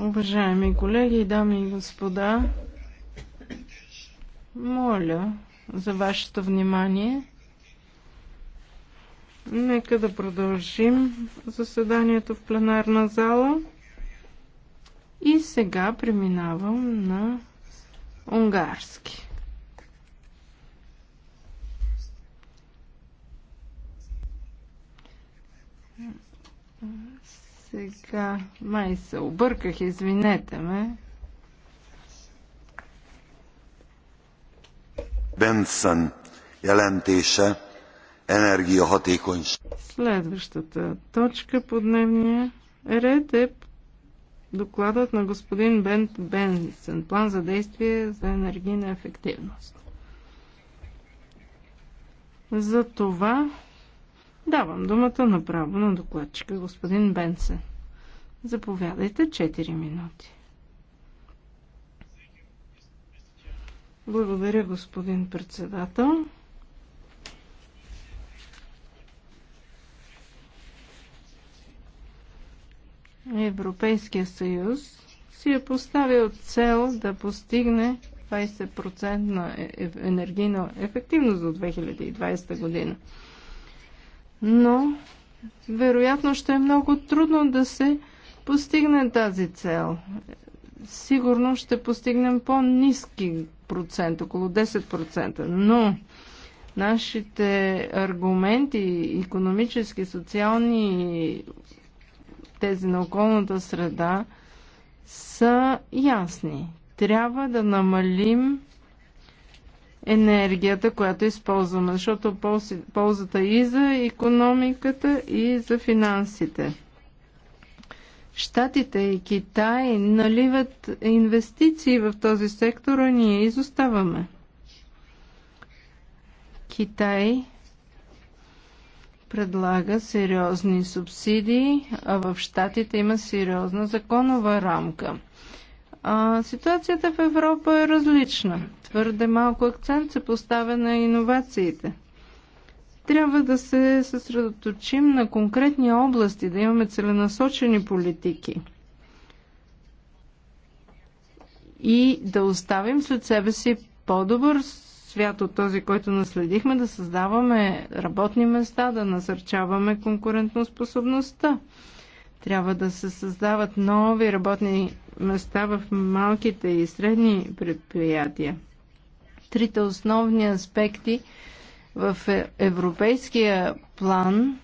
Уважаеми колеги, дами и господа, моля за вашето внимание. Нека да продължим заседанието в пленарна зала. И сега преминавам на унгарски. Сега май се обърках, извинете ме. Бенсън Енергия хотейконш. Следващата точка по дневния ред е докладът на господин Бент Бенсен. План за действие за енергийна ефективност. За това Давам думата направо на докладчика, господин Бенсен. Заповядайте 4 минути. Благодаря, господин председател. Европейския съюз си е поставил цел да постигне 20% е- е- енергийна ефективност до 2020 година но вероятно ще е много трудно да се постигне тази цел. Сигурно ще постигнем по-низки процент, около 10%, но нашите аргументи, економически, социални тези на околната среда, са ясни. Трябва да намалим енергията, която използваме, защото ползата и за економиката, и за финансите. Штатите и Китай наливат инвестиции в този сектор, а ние изоставаме. Китай предлага сериозни субсидии, а в Штатите има сериозна законова рамка – а, ситуацията в Европа е различна. Твърде малко акцент се поставя на иновациите. Трябва да се съсредоточим на конкретни области, да имаме целенасочени политики и да оставим след себе си по-добър свят от този, който наследихме, да създаваме работни места, да насърчаваме конкурентоспособността. способността трябва да се създават нови работни места в малките и средни предприятия. Трите основни аспекти в е, европейския план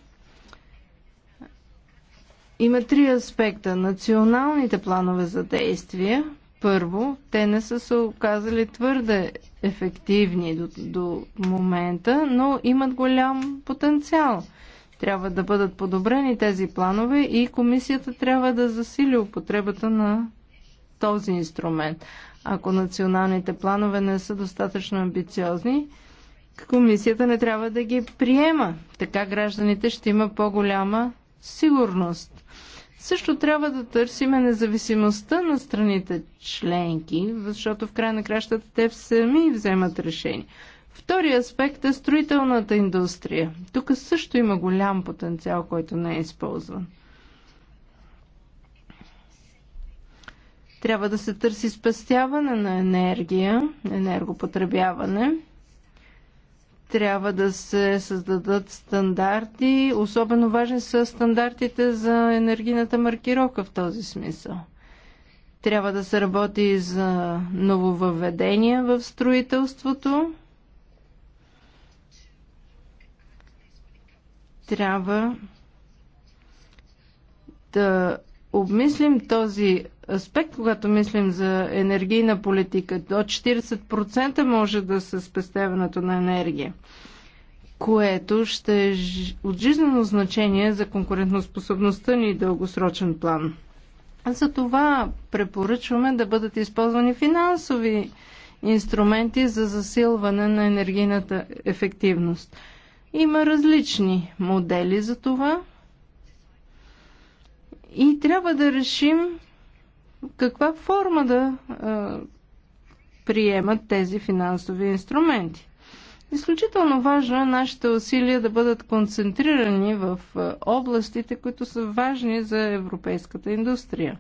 има три аспекта. Националните планове за действие. Първо, те не са се оказали твърде ефективни до, до момента, но имат голям потенциал. Трябва да бъдат подобрени тези планове и комисията трябва да засили употребата на този инструмент. Ако националните планове не са достатъчно амбициозни, комисията не трябва да ги приема. Така гражданите ще има по-голяма сигурност. Също трябва да търсиме независимостта на страните членки, защото в край на кращата те сами вземат решение. Втори аспект е строителната индустрия. Тук също има голям потенциал, който не е използван. Трябва да се търси спестяване на енергия, енергопотребяване. Трябва да се създадат стандарти. Особено важни са стандартите за енергийната маркировка в този смисъл. Трябва да се работи за нововъведения в строителството, трябва да обмислим този аспект, когато мислим за енергийна политика. До 40% може да се спестяването на енергия, което ще е от жизнено значение за конкурентоспособността ни дългосрочен план. За това препоръчваме да бъдат използвани финансови инструменти за засилване на енергийната ефективност. Има различни модели за това. И трябва да решим каква форма да а, приемат тези финансови инструменти. Изключително важно е нашите усилия да бъдат концентрирани в областите, които са важни за европейската индустрия.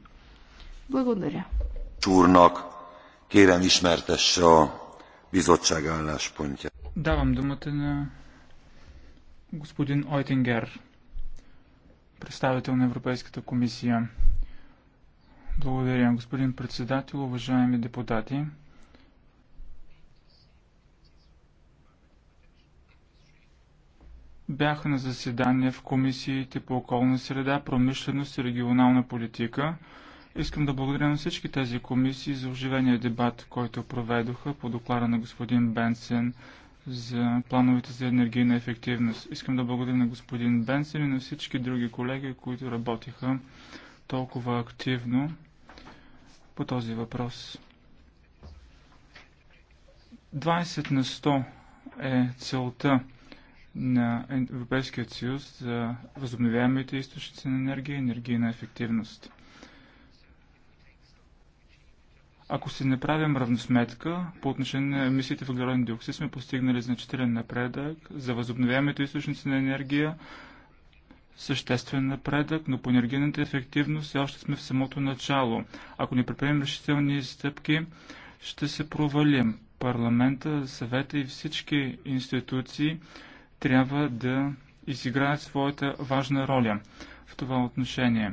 Благодаря. Чурнок, кирамиш ишмертеше a наш álláspontja. Давам думата на господин Ойтингер, представител на Европейската комисия. Благодаря, господин председател, уважаеми депутати. Бях на заседание в комисиите по околна среда, промишленост и регионална политика. Искам да благодаря на всички тези комисии за оживения дебат, който проведоха по доклада на господин Бенсен за плановете за енергийна ефективност. Искам да благодаря на господин Бенсен и на всички други колеги, които работиха толкова активно по този въпрос. 20 на 100 е целта на Европейския съюз за възобновяемите източници на енергия и енергийна ефективност. Ако си направим равносметка, по отношение на емисиите въглероден диоксид сме постигнали значителен напредък, за възобновяемите източници на енергия съществен напредък, но по енергийната ефективност все още сме в самото начало. Ако не предприемем решителни стъпки, ще се провалим. Парламента, съвета и всички институции трябва да изиграят своята важна роля в това отношение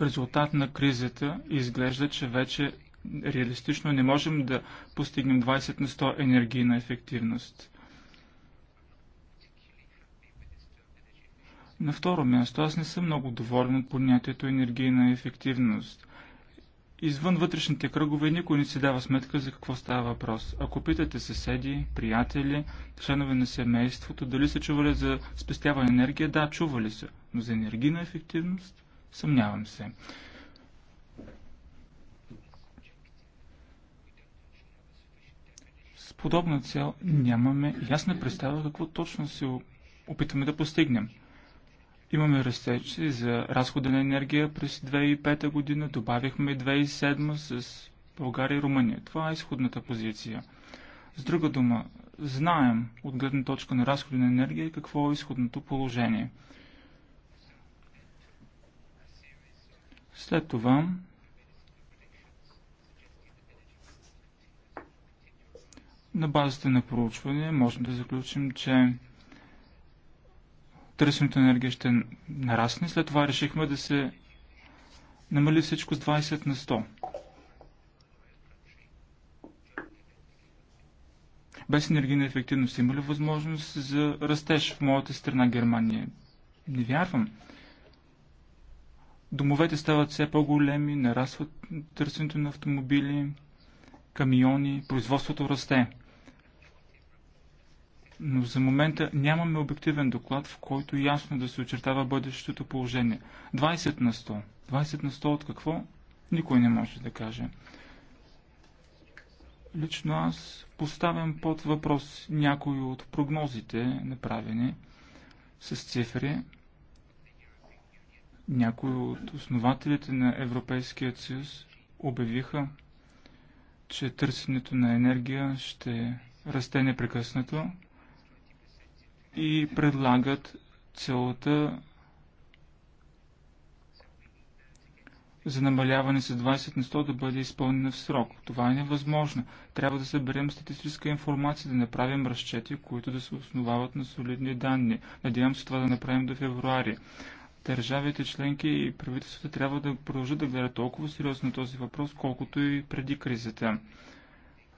резултат на кризата изглежда, че вече реалистично не можем да постигнем 20 на 100 енергийна ефективност. На второ място, аз не съм много доволен от понятието енергийна ефективност. Извън вътрешните кръгове никой не си дава сметка за какво става въпрос. Ако питате съседи, приятели, членове на семейството, дали са чували за спестяване енергия, да, чували са, но за енергийна ефективност – Съмнявам се. С подобна цел нямаме ясна представа какво точно се опитаме да постигнем. Имаме растеж за разхода на енергия през 2005 година, добавихме 2007 с България и Румъния. Това е изходната позиция. С друга дума, знаем от гледна точка на разходи на енергия какво е изходното положение – След това на базата на проучване можем да заключим, че търсенето на енергия ще нарасне. След това решихме да се намали всичко с 20 на 100. Без енергийна ефективност има ли възможност за растеж в моята страна Германия? Не вярвам. Домовете стават все по-големи, нарастват търсенето на автомобили, камиони, производството расте. Но за момента нямаме обективен доклад, в който ясно да се очертава бъдещето положение. 20 на 100. 20 на 100 от какво? Никой не може да каже. Лично аз поставям под въпрос някои от прогнозите, направени с цифри, някои от основателите на Европейския съюз обявиха, че търсенето на енергия ще расте непрекъснато и предлагат целата за намаляване с 20 на 100 да бъде изпълнена в срок. Това е невъзможно. Трябва да съберем статистическа информация, да направим разчети, които да се основават на солидни данни. Надявам се това да направим до февруари държавите членки и правителствата трябва да продължат да гледат толкова сериозно на този въпрос, колкото и преди кризата.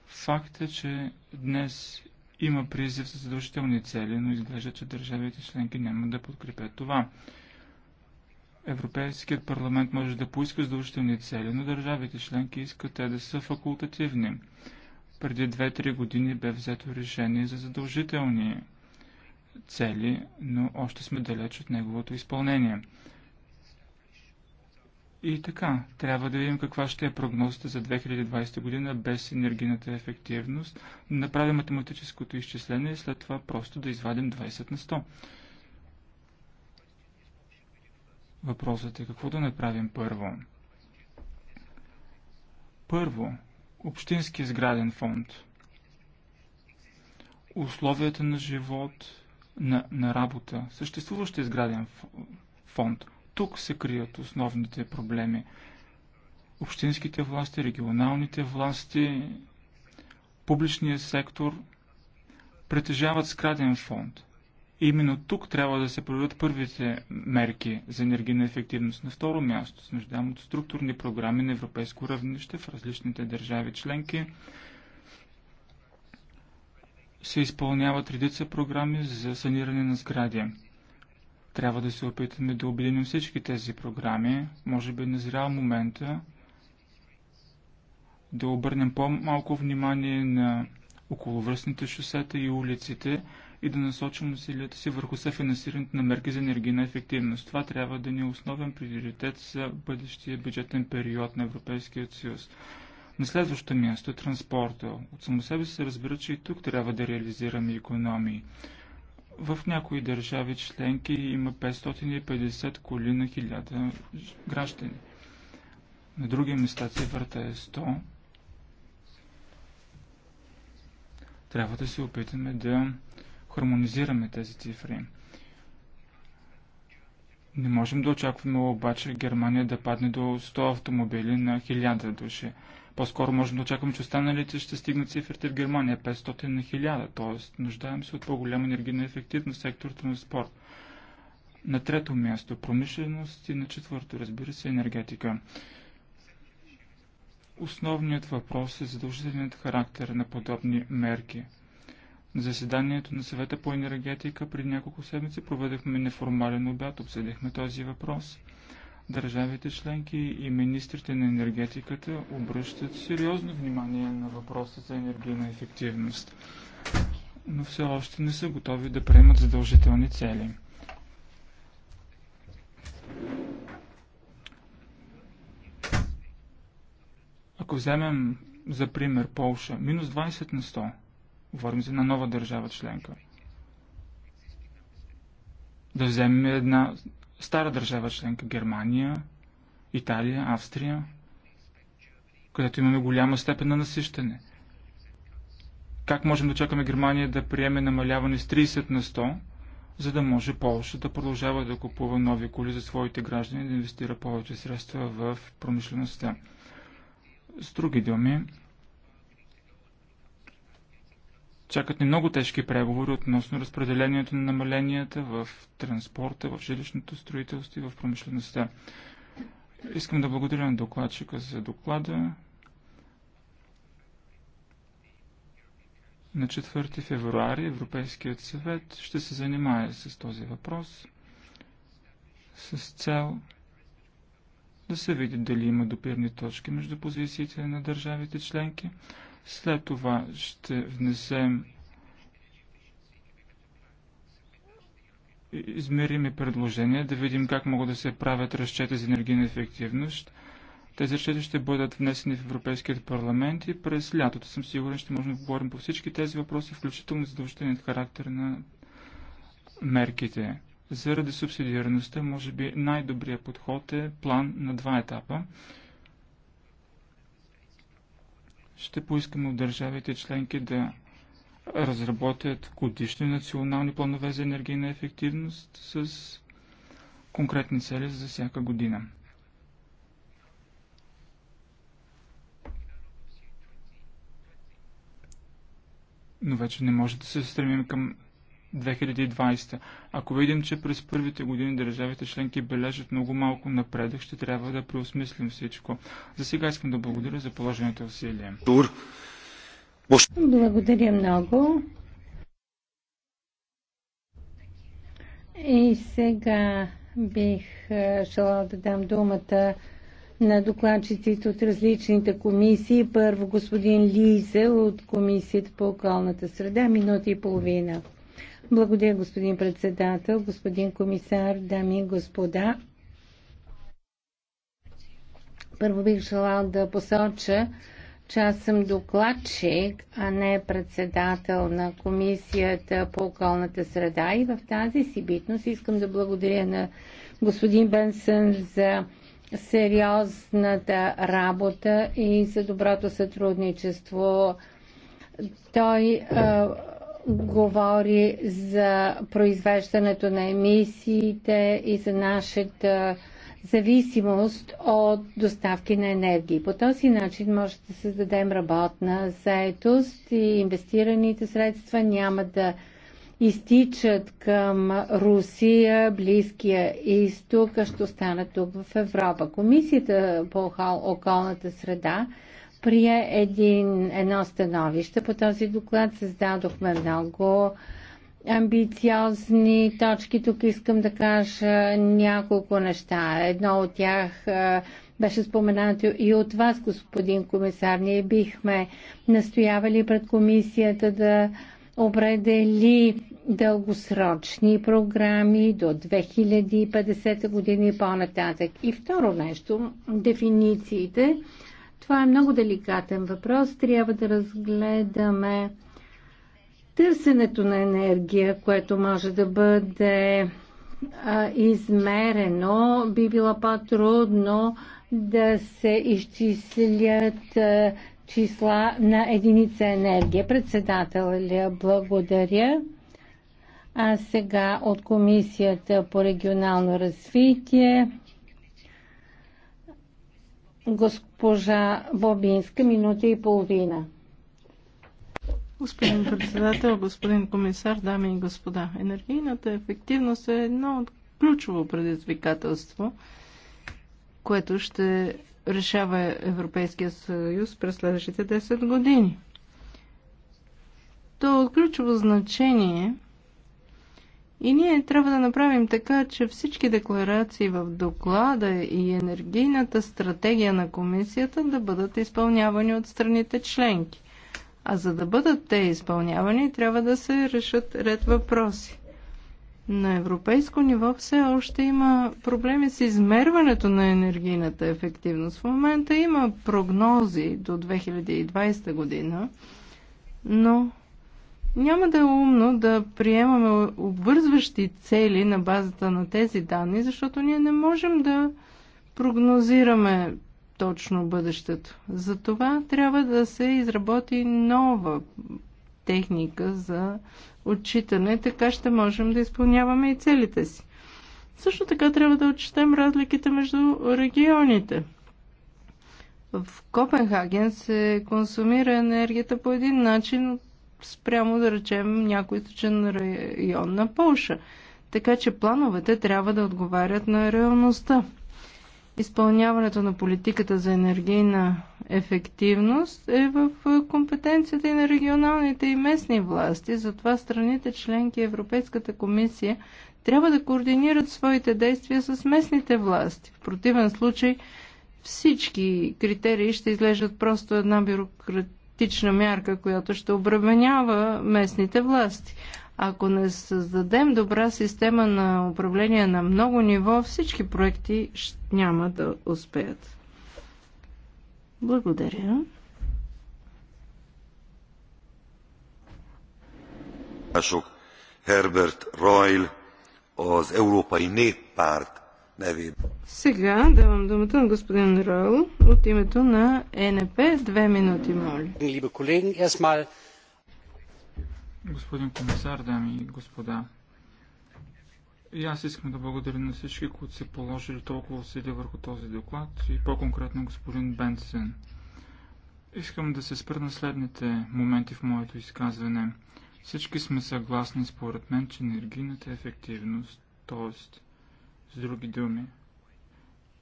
Факт е, че днес има призив за задължителни цели, но изглежда, че държавите членки няма да подкрепят това. Европейският парламент може да поиска задължителни цели, но държавите членки искат те да са факултативни. Преди 2-3 години бе взето решение за задължителни цели, но още сме далеч от неговото изпълнение. И така, трябва да видим каква ще е прогнозата за 2020 година без енергийната ефективност, да направим математическото изчисление и след това просто да извадим 20 на 100. Въпросът е какво да направим първо. Първо, общински сграден фонд. Условията на живот, на, на работа, съществуващия е сграден фонд. Тук се крият основните проблеми. Общинските власти, регионалните власти, публичният сектор притежават сграден фонд. И именно тук трябва да се проведат първите мерки за енергийна ефективност. На второ място се нуждаем от структурни програми на европейско равнище в различните държави членки се изпълняват редица програми за саниране на сгради. Трябва да се опитаме да обединим всички тези програми. Може би е назрял момента да обърнем по-малко внимание на околовръстните шосета и улиците и да насочим усилията си върху съфинансирането на мерки за енергийна ефективност. Това трябва да ни е основен приоритет за бъдещия бюджетен период на Европейския съюз. На следващо място е – транспорта. От само себе се разбира, че и тук трябва да реализираме економии. В някои държави членки има 550 коли на 1000 граждани. На други места цифрата е 100. Трябва да се опитаме да хармонизираме тези цифри. Не можем да очакваме обаче Германия да падне до 100 автомобили на 1000 души. По-скоро можем да очакваме, че останалите ще стигнат цифрите в Германия 500 на 1000, т.е. нуждаем се от по-голяма енергийна ефективност в сектор транспорт. На трето място промишленост и на четвърто, разбира се, енергетика. Основният въпрос е задължителният характер на подобни мерки – на заседанието на съвета по енергетика преди няколко седмици проведехме неформален обяд, обсъдихме този въпрос. Държавите членки и министрите на енергетиката обръщат сериозно внимание на въпроса за енергийна ефективност, но все още не са готови да приемат задължителни цели. Ако вземем за пример Полша, минус 20 на 100, Говорим за една нова държава членка. Да вземем една стара държава членка Германия, Италия, Австрия, където имаме голяма степен на насищане. Как можем да чакаме Германия да приеме намаляване с 30 на 100, за да може Польша да продължава да купува нови коли за своите граждани и да инвестира повече средства в промишлеността? С други думи, Чакат ни много тежки преговори относно разпределението на намаленията в транспорта, в жилищното строителство и в промишлеността. Искам да благодаря на докладчика за доклада. На 4 февруари Европейският съвет ще се занимае с този въпрос с цел да се види дали има допирни точки между позициите на държавите членки – след това ще внесем измерими предложения, да видим как могат да се правят разчети за енергийна ефективност. Тези разчети ще бъдат внесени в Европейският парламент и през лятото съм сигурен, ще можем да говорим по всички тези въпроси, включително задължителният характер на мерките. Заради субсидиарността, може би най-добрият подход е план на два етапа ще поискаме от държавите членки да разработят годишни национални планове за енергийна ефективност с конкретни цели за всяка година. Но вече не може да се стремим към 2020. Ако видим, че през първите години държавите членки бележат много малко напредък, ще трябва да преосмислим всичко. За сега искам да благодаря за положените усилия. Благодаря много. И сега бих е, желала да дам думата на докладчиците от различните комисии. Първо господин Лизел от Комисията по околната среда, минута и половина. Благодаря, господин председател, господин комисар, дами и господа. Първо бих желал да посоча, че аз съм докладчик, а не председател на Комисията по околната среда и в тази си битност искам да благодаря на господин Бенсън за сериозната работа и за доброто сътрудничество. Той а, говори за произвеждането на емисиите и за нашата зависимост от доставки на енергии. По този начин може да създадем работна заетост и инвестираните средства няма да изтичат към Русия, Близкия изток, а ще останат тук в Европа. Комисията по околната среда прие един, едно становище по този доклад. Създадохме много амбициозни точки. Тук искам да кажа няколко неща. Едно от тях беше споменато и от вас, господин комисар. Ние бихме настоявали пред комисията да определи дългосрочни програми до 2050 години и по-нататък. И второ нещо, дефинициите това е много деликатен въпрос. Трябва да разгледаме търсенето на енергия, което може да бъде а, измерено. Би било по-трудно да се изчислят а, числа на единица енергия. Председателя, благодаря. А сега от Комисията по регионално развитие Госпожа Бобинска, минута и половина. Господин председател, господин комисар, дами и господа, енергийната ефективност е едно от ключово предизвикателство, което ще решава Европейския съюз през следващите 10 години. То е от ключово значение и ние трябва да направим така, че всички декларации в доклада и енергийната стратегия на комисията да бъдат изпълнявани от страните членки. А за да бъдат те изпълнявани, трябва да се решат ред въпроси. На европейско ниво все още има проблеми с измерването на енергийната ефективност. В момента има прогнози до 2020 година, но няма да е умно да приемаме обвързващи цели на базата на тези данни, защото ние не можем да прогнозираме точно бъдещето. Затова трябва да се изработи нова техника за отчитане, така ще можем да изпълняваме и целите си. Също така трябва да отчетем разликите между регионите. В Копенхаген се консумира енергията по един начин, спрямо да речем някой източен район на Полша. Така че плановете трябва да отговарят на реалността. Изпълняването на политиката за енергийна ефективност е в компетенцията и на регионалните и местни власти. Затова страните членки Европейската комисия трябва да координират своите действия с местните власти. В противен случай всички критерии ще излежат просто една бюрократия драстична мярка, която ще обременява местните власти. Ако не създадем добра система на управление на много ниво, всички проекти няма да успеят. Благодаря. Ройл Reul, az Európai Néppárt не ви. Сега давам думата на господин Ройл от името на НП. Две минути, моля. Господин комисар, дами и господа, и аз искам да благодаря на всички, които са положили толкова усилия върху този доклад и по-конкретно господин Бенсен. Искам да се спра на следните моменти в моето изказване. Всички сме съгласни според мен, че енергийната ефективност, т.е. С други думи,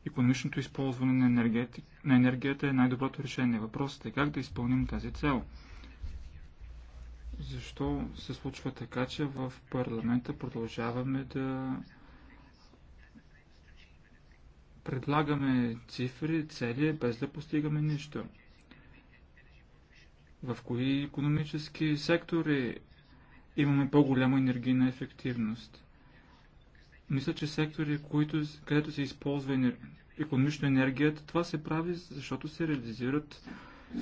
економичното използване на, на енергията е най-доброто решение. Въпросът е как да изпълним тази цел. Защо се случва така, че в парламента продължаваме да предлагаме цифри, цели, без да постигаме нищо? В кои економически сектори имаме по-голяма енергийна ефективност? Мисля, че сектори, които, където се използва енер... економично енергията, това се прави, защото се реализират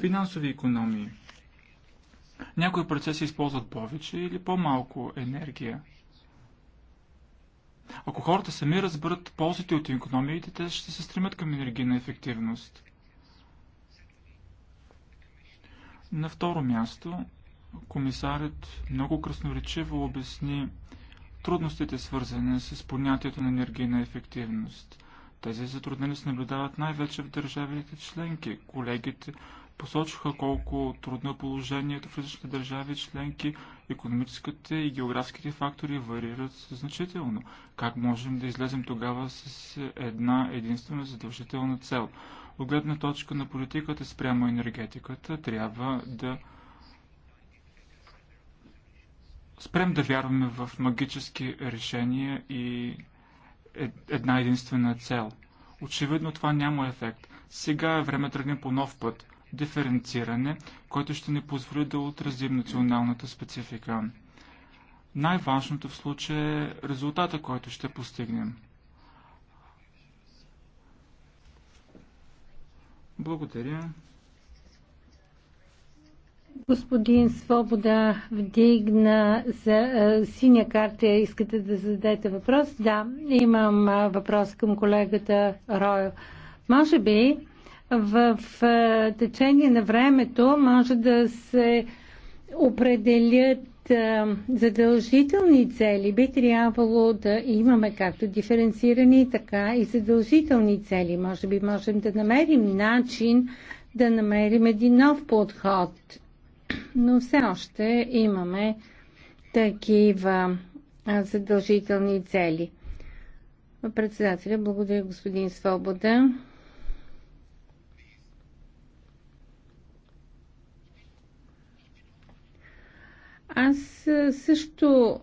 финансови економии. Някои процеси използват повече или по-малко енергия. Ако хората сами разберат ползите от економиите, те ще се стремят към енергийна ефективност. На второ място, комисарят много красноречиво обясни трудностите, свързани с понятието на енергийна ефективност. Тези затруднения се наблюдават най-вече в държавите членки. Колегите посочиха колко трудно е положението в различните държави членки, економическите и географските фактори варират значително. Как можем да излезем тогава с една единствена задължителна цел? От гледна точка на политиката спрямо енергетиката трябва да спрем да вярваме в магически решения и е, една единствена цел. Очевидно това няма ефект. Сега е време да тръгнем по нов път – диференциране, който ще ни позволи да отразим националната специфика. Най-важното в случая е резултата, който ще постигнем. Благодаря. Господин Свобода вдигна за синя карта. Искате да зададете въпрос? Да, имам въпрос към колегата Ройл. Може би в течение на времето може да се определят задължителни цели би трябвало да имаме както диференцирани, така и задължителни цели. Може би можем да намерим начин да намерим един нов подход но все още имаме такива задължителни цели. Председателя, благодаря господин Свобода. Аз също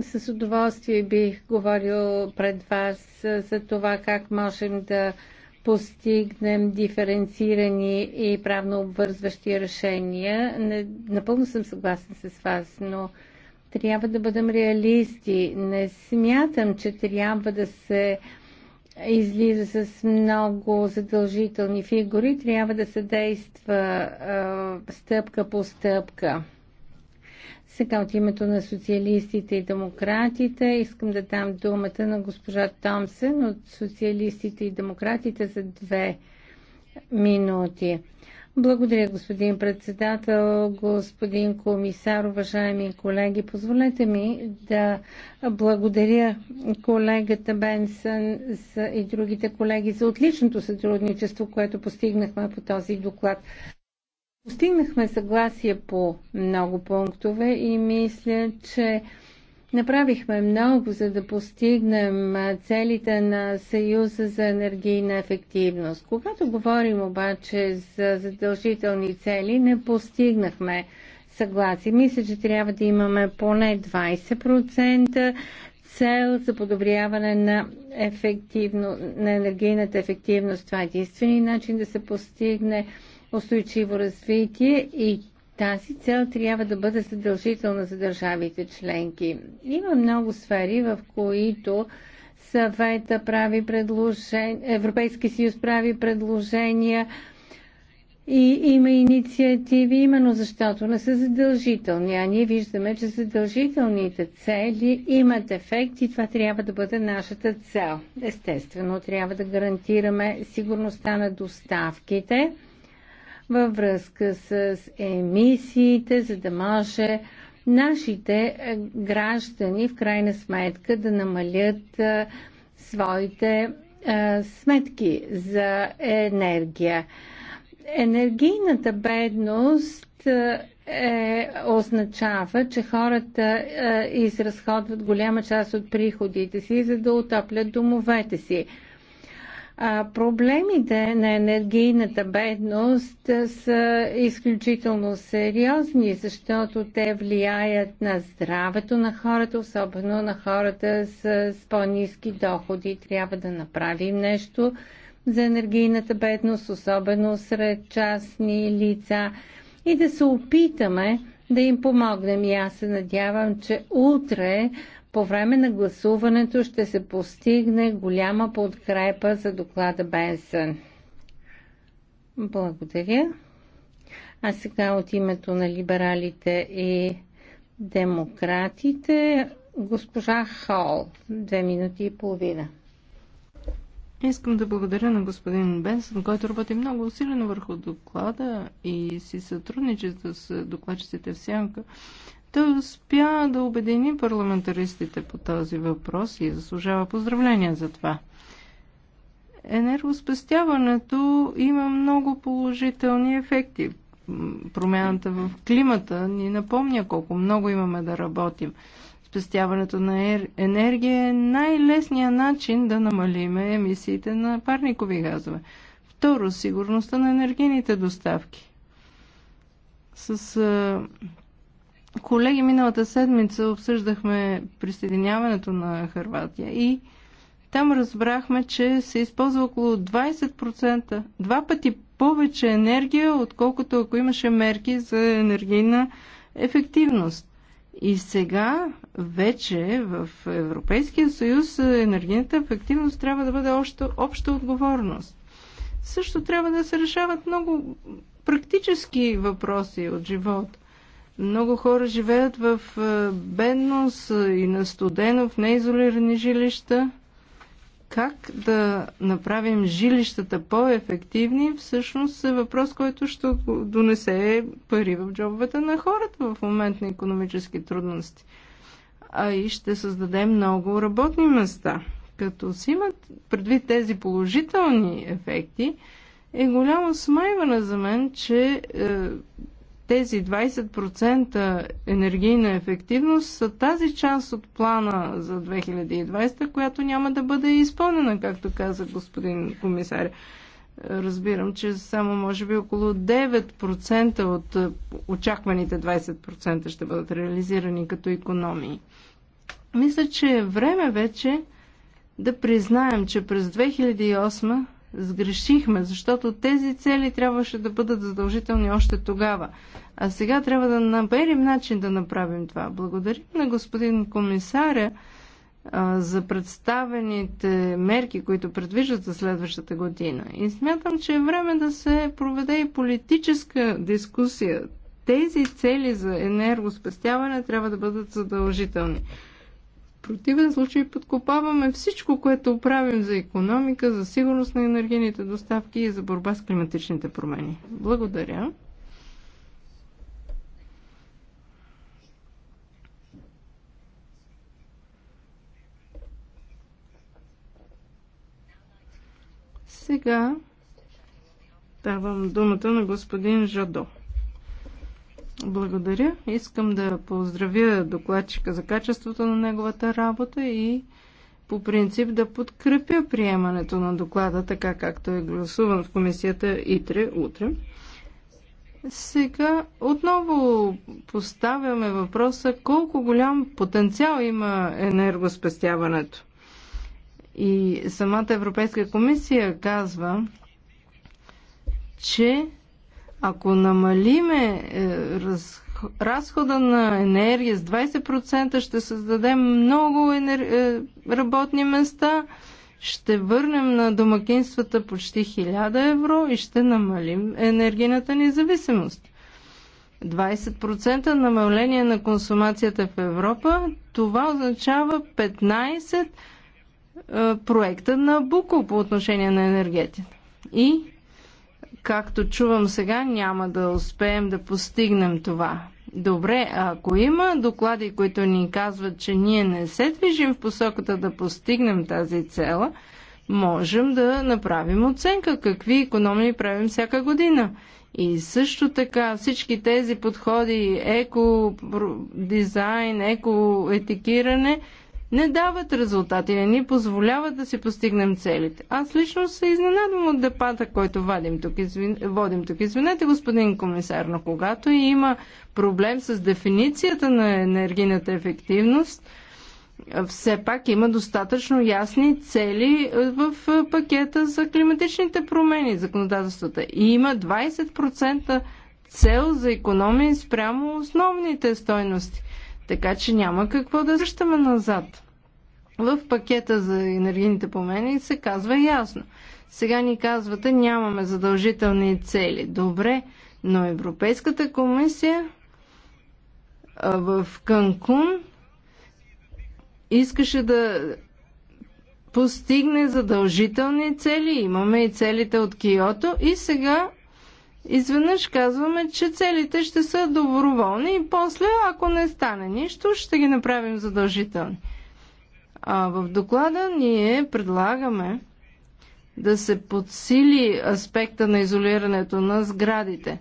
с удоволствие бих говорил пред вас за това как можем да постигнем диференцирани и правно обвързващи решения. Не, напълно съм съгласен с вас, но трябва да бъдем реалисти. Не смятам, че трябва да се излиза с много задължителни фигури. Трябва да се действа е, стъпка по стъпка. Сега от името на социалистите и демократите искам да дам думата на госпожа Томсен от социалистите и демократите за две минути. Благодаря, господин председател, господин комисар, уважаеми колеги. Позволете ми да благодаря колегата Бенсън и другите колеги за отличното сътрудничество, което постигнахме по този доклад. Постигнахме съгласие по много пунктове и мисля, че направихме много, за да постигнем целите на Съюза за енергийна ефективност. Когато говорим обаче за задължителни цели, не постигнахме съгласие. Мисля, че трябва да имаме поне 20% цел за подобряване на, ефективно, на енергийната ефективност. Това е единствения начин да се постигне устойчиво развитие и тази цел трябва да бъде задължителна за държавите членки. Има много сфери, в които съвета прави предложения, Европейски съюз прави предложения и има инициативи, именно защото не са задължителни. А ние виждаме, че задължителните цели имат ефект и това трябва да бъде нашата цел. Естествено, трябва да гарантираме сигурността на доставките във връзка с емисиите, за да може нашите граждани в крайна сметка да намалят своите сметки за енергия. Енергийната бедност е, означава, че хората е, изразходват голяма част от приходите си, за да отоплят домовете си. А проблемите на енергийната бедност са изключително сериозни, защото те влияят на здравето на хората, особено на хората с, с по-низки доходи. Трябва да направим нещо за енергийната бедност, особено сред частни лица и да се опитаме да им помогнем. И аз се надявам, че утре по време на гласуването ще се постигне голяма подкрепа за доклада Бенсън. Благодаря. А сега от името на либералите и демократите, госпожа Хол, две минути и половина. Искам да благодаря на господин Бенсън, който работи много усилено върху доклада и си сътрудничи с докладчиците в Сянка. Той успя да обедини парламентаристите по този въпрос и заслужава поздравления за това. Енергоспестяването има много положителни ефекти. Промяната в климата ни напомня колко много имаме да работим. Спестяването на енергия е най-лесният начин да намалиме емисиите на парникови газове. Второ, сигурността на енергийните доставки. С Колеги, миналата седмица обсъждахме присъединяването на Харватия и там разбрахме, че се използва около 20%, два пъти повече енергия, отколкото ако имаше мерки за енергийна ефективност. И сега вече в Европейския съюз енергийната ефективност трябва да бъде още, обща отговорност. Също трябва да се решават много практически въпроси от живота много хора живеят в е, бедност е, и на студено, в неизолирани жилища. Как да направим жилищата по-ефективни, всъщност е въпрос, който ще донесе пари в джобовете на хората в момент на економически трудности. А и ще създаде много работни места. Като си имат предвид тези положителни ефекти, е голямо смайване за мен, че е, тези 20% енергийна ефективност са тази част от плана за 2020, която няма да бъде изпълнена, както каза господин комисар. Разбирам, че само може би около 9% от е, очакваните 20% ще бъдат реализирани като економии. Мисля, че е време вече да признаем, че през 2008 сгрешихме, защото тези цели трябваше да бъдат задължителни още тогава. А сега трябва да намерим начин да направим това. Благодарим на господин комисаря а, за представените мерки, които предвиждат за следващата година. И смятам, че е време да се проведе и политическа дискусия. Тези цели за енергоспестяване трябва да бъдат задължителни противен случай подкопаваме всичко, което правим за економика, за сигурност на енергийните доставки и за борба с климатичните промени. Благодаря. Сега давам думата на господин Жадо. Благодаря. Искам да поздравя докладчика за качеството на неговата работа и по принцип да подкрепя приемането на доклада, така както е гласуван в комисията ИТРЕ утре. Сега отново поставяме въпроса колко голям потенциал има енергоспестяването. И самата Европейска комисия казва, че ако намалиме е, раз, разхода на енергия с 20%, ще създадем много енер... Е, работни места, ще върнем на домакинствата почти 1000 евро и ще намалим енергийната независимост. 20% намаление на консумацията в Европа, това означава 15 е, проекта на Буко по отношение на енергетиката. И както чувам сега, няма да успеем да постигнем това. Добре, ако има доклади, които ни казват, че ние не се движим в посоката да постигнем тази цела, можем да направим оценка какви економии правим всяка година. И също така всички тези подходи, еко дизайн, еко етикиране – не дават резултати, не ни позволяват да си постигнем целите. Аз лично се изненадвам от депата, който вадим тук, извин... водим тук. Извинете, господин комисар, но когато има проблем с дефиницията на енергийната ефективност, все пак има достатъчно ясни цели е, в е, пакета за климатичните промени, законодателствата. И има 20% цел за економия спрямо основните стойности. Така че няма какво да връщаме назад. В пакета за енергийните помени се казва ясно. Сега ни казвате, нямаме задължителни цели. Добре, но Европейската комисия в Канкун искаше да постигне задължителни цели. Имаме и целите от Киото и сега изведнъж казваме, че целите ще са доброволни и после, ако не стане нищо, ще ги направим задължителни. А в доклада ние предлагаме да се подсили аспекта на изолирането на сградите.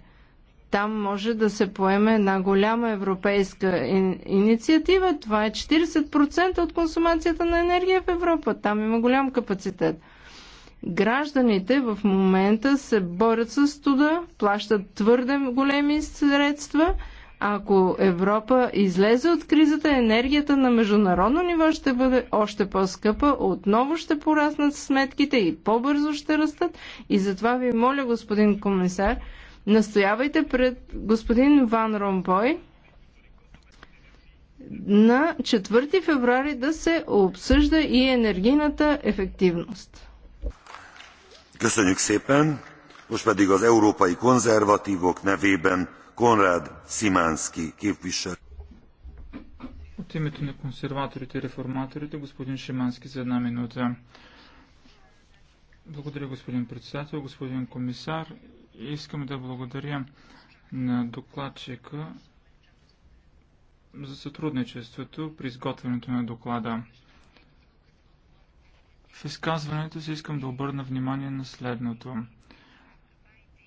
Там може да се поеме една голяма европейска инициатива. Това е 40% от консумацията на енергия в Европа. Там има голям капацитет. Гражданите в момента се борят с студа, плащат твърде големи средства. Ако Европа излезе от кризата, енергията на международно ниво ще бъде още по-скъпа, отново ще пораснат сметките и по-бързо ще растат. И затова ви моля, господин комисар, настоявайте пред господин Ван Ромбой на 4 феврари да се обсъжда и енергийната ефективност. Köszönjük szépen! Most pedig az európai konzervatívok nevében Konrad Szimánszki képviselő. От името на консерваторите и реформаторите, господин Шимански за една минута. Благодаря, господин председател, господин комисар. Искам да благодаря на докладчика за сътрудничеството при изготвянето на доклада. В изказването си искам да обърна внимание на следното.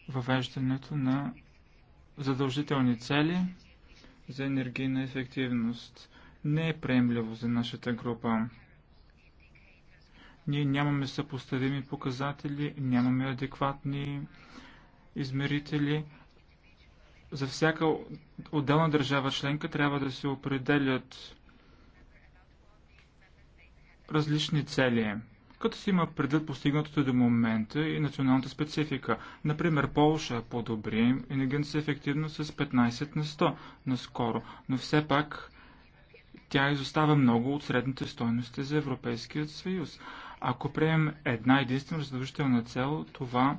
Въвеждането на задължителни цели за енергийна ефективност не е приемливо за нашата група. Ние нямаме съпоставими показатели, нямаме адекватни измерители. За всяка отделна държава членка трябва да се определят различни цели като се има предвид постигнатото до момента и националната специфика. Например, Полша е по-добри и енергийната си ефективност с 15 на 100 наскоро, но все пак тя изостава много от средните стойности за Европейския съюз. Ако приемем една единствена задължителна цел, това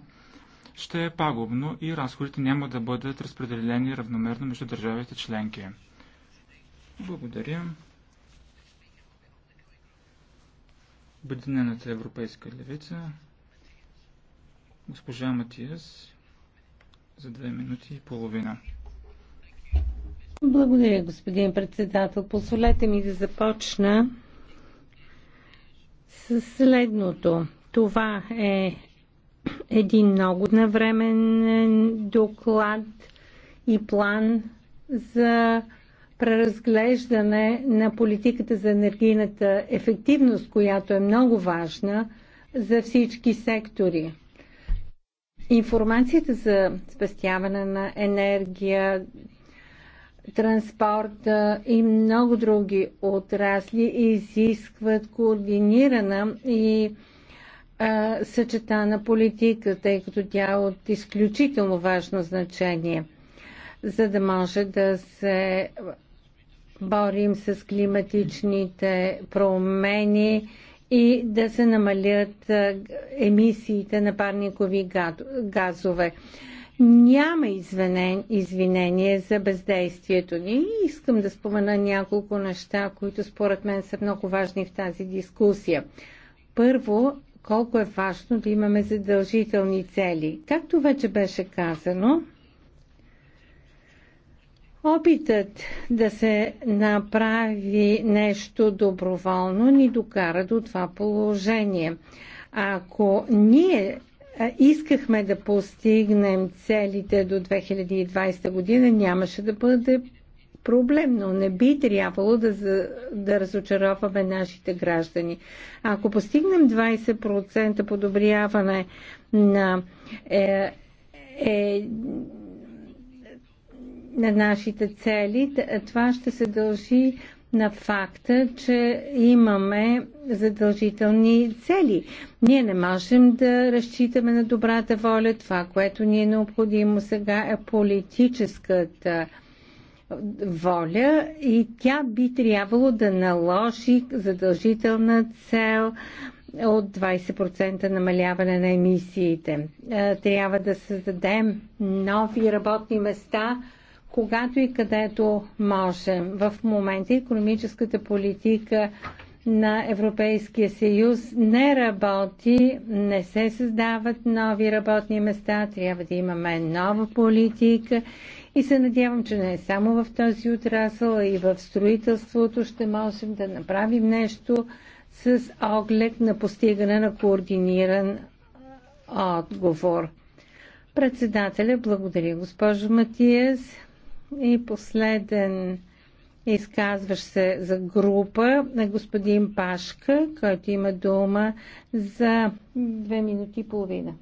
ще е пагубно и разходите няма да бъдат разпределени равномерно между държавите членки. Благодаря. Обединената европейска левица, госпожа Матиас, за две минути и половина. Благодаря, господин председател. Позволете ми да започна с следното. Това е един много навременен доклад и план за преразглеждане на политиката за енергийната ефективност, която е много важна за всички сектори. Информацията за спестяване на енергия, транспорта и много други отрасли изискват координирана и а, съчетана политика, тъй като тя е от изключително важно значение, за да може да се борим с климатичните промени и да се намалят емисиите на парникови газове. Няма извинен, извинение за бездействието ни. Искам да спомена няколко неща, които според мен са много важни в тази дискусия. Първо, колко е важно да имаме задължителни цели. Както вече беше казано, Опитът да се направи нещо доброволно ни докара до това положение. Ако ние искахме да постигнем целите до 2020 година, нямаше да бъде проблем, но не би трябвало да, да разочароваме нашите граждани. Ако постигнем 20% подобряване на е, е, на нашите цели. Това ще се дължи на факта, че имаме задължителни цели. Ние не можем да разчитаме на добрата воля. Това, което ни е необходимо сега е политическата воля и тя би трябвало да наложи задължителна цел от 20% намаляване на емисиите. Е, трябва да създадем нови работни места, когато и където можем. В момента економическата политика на Европейския съюз не работи, не се създават нови работни места, трябва да имаме нова политика и се надявам, че не само в този отрасъл, а и в строителството ще можем да направим нещо с оглед на постигане на координиран отговор. Председателя, благодаря госпожо Матиас. И последен изказваш се за група на е господин Пашка, който има дума за две минути и половина.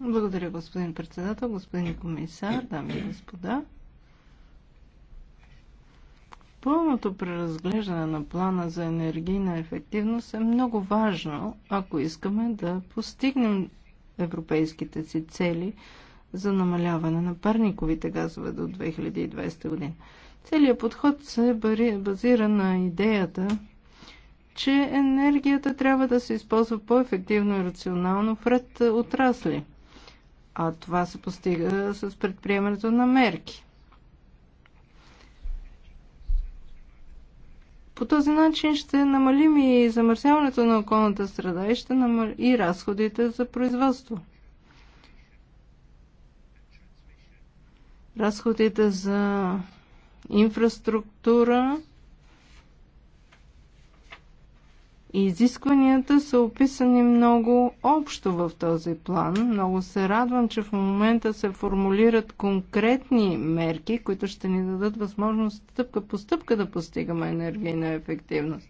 Благодаря, господин председател, господин комисар, дами и господа. Пълното преразглеждане на плана за енергийна ефективност е много важно, ако искаме да постигнем европейските си цели – за намаляване на парниковите газове до 2020 година. Целият подход се базира на идеята, че енергията трябва да се използва по-ефективно и рационално в ред отрасли. А това се постига с предприемането на мерки. По този начин ще намалим и замърсяването на околната среда и, ще намалим и разходите за производство. разходите за инфраструктура и изискванията са описани много общо в този план. Много се радвам, че в момента се формулират конкретни мерки, които ще ни дадат възможност стъпка по стъпка да постигаме енергийна ефективност.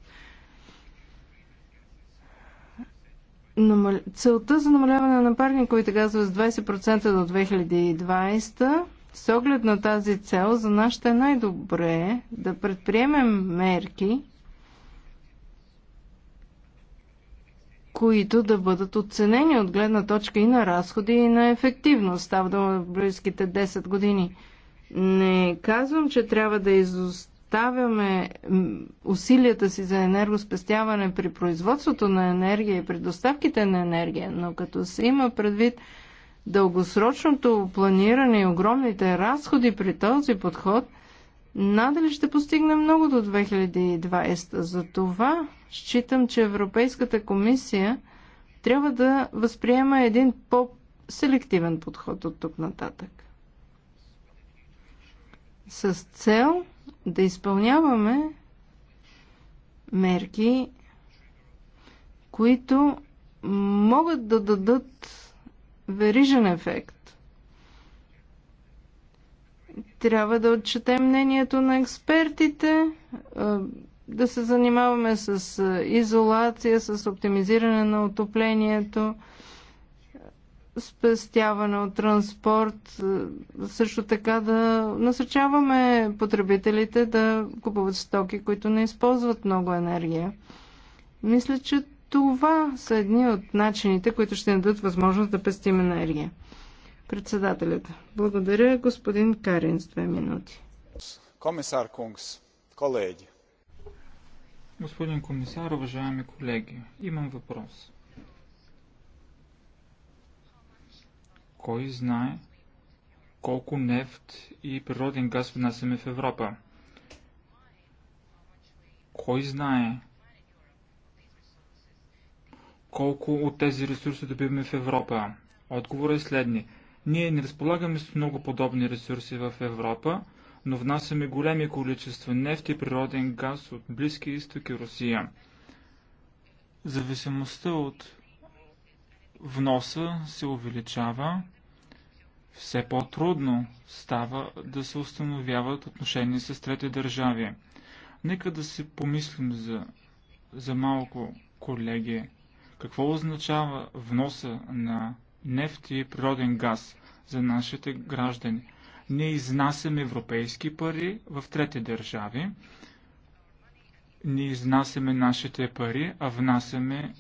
Целта за намаляване на парниковите газове с 20% до 2020 с оглед на тази цел, за нас ще е най-добре да предприемем мерки, които да бъдат оценени от гледна точка и на разходи, и на ефективност. Става дума в близките 10 години. Не казвам, че трябва да изоставяме усилията си за енергоспестяване при производството на енергия и при доставките на енергия, но като се има предвид дългосрочното планиране и огромните разходи при този подход, надали ще постигне много до 2020. Затова считам, че Европейската комисия трябва да възприема един по-селективен подход от тук нататък. С цел да изпълняваме мерки, които могат да дадат верижен ефект. Трябва да отчетем мнението на експертите, е, да се занимаваме с е, изолация, с оптимизиране на отоплението, спестяване от транспорт, е, също така да насърчаваме потребителите да купуват стоки, които не използват много енергия. Мисля, че това са едни от начините, които ще дадат възможност да пестим енергия. Председателят. Благодаря, господин Карин, с две минути. Комисар Кунгс, колеги. Господин комисар, уважаеми колеги, имам въпрос. Кой знае колко нефт и природен газ внасяме в Европа? Кой знае колко от тези ресурси добиваме в Европа. Отговорът е следни. Ние не разполагаме с много подобни ресурси в Европа, но внасяме големи количества нефт и природен газ от Близки изток и Русия. Зависимостта от вноса се увеличава. Все по-трудно става да се установяват отношения с трети държави. Нека да се помислим за, за малко, колеги. Какво означава вноса на нефт и природен газ за нашите граждани? Ние изнасяме европейски пари в трети държави. Ние изнасяме нашите пари, а внасяме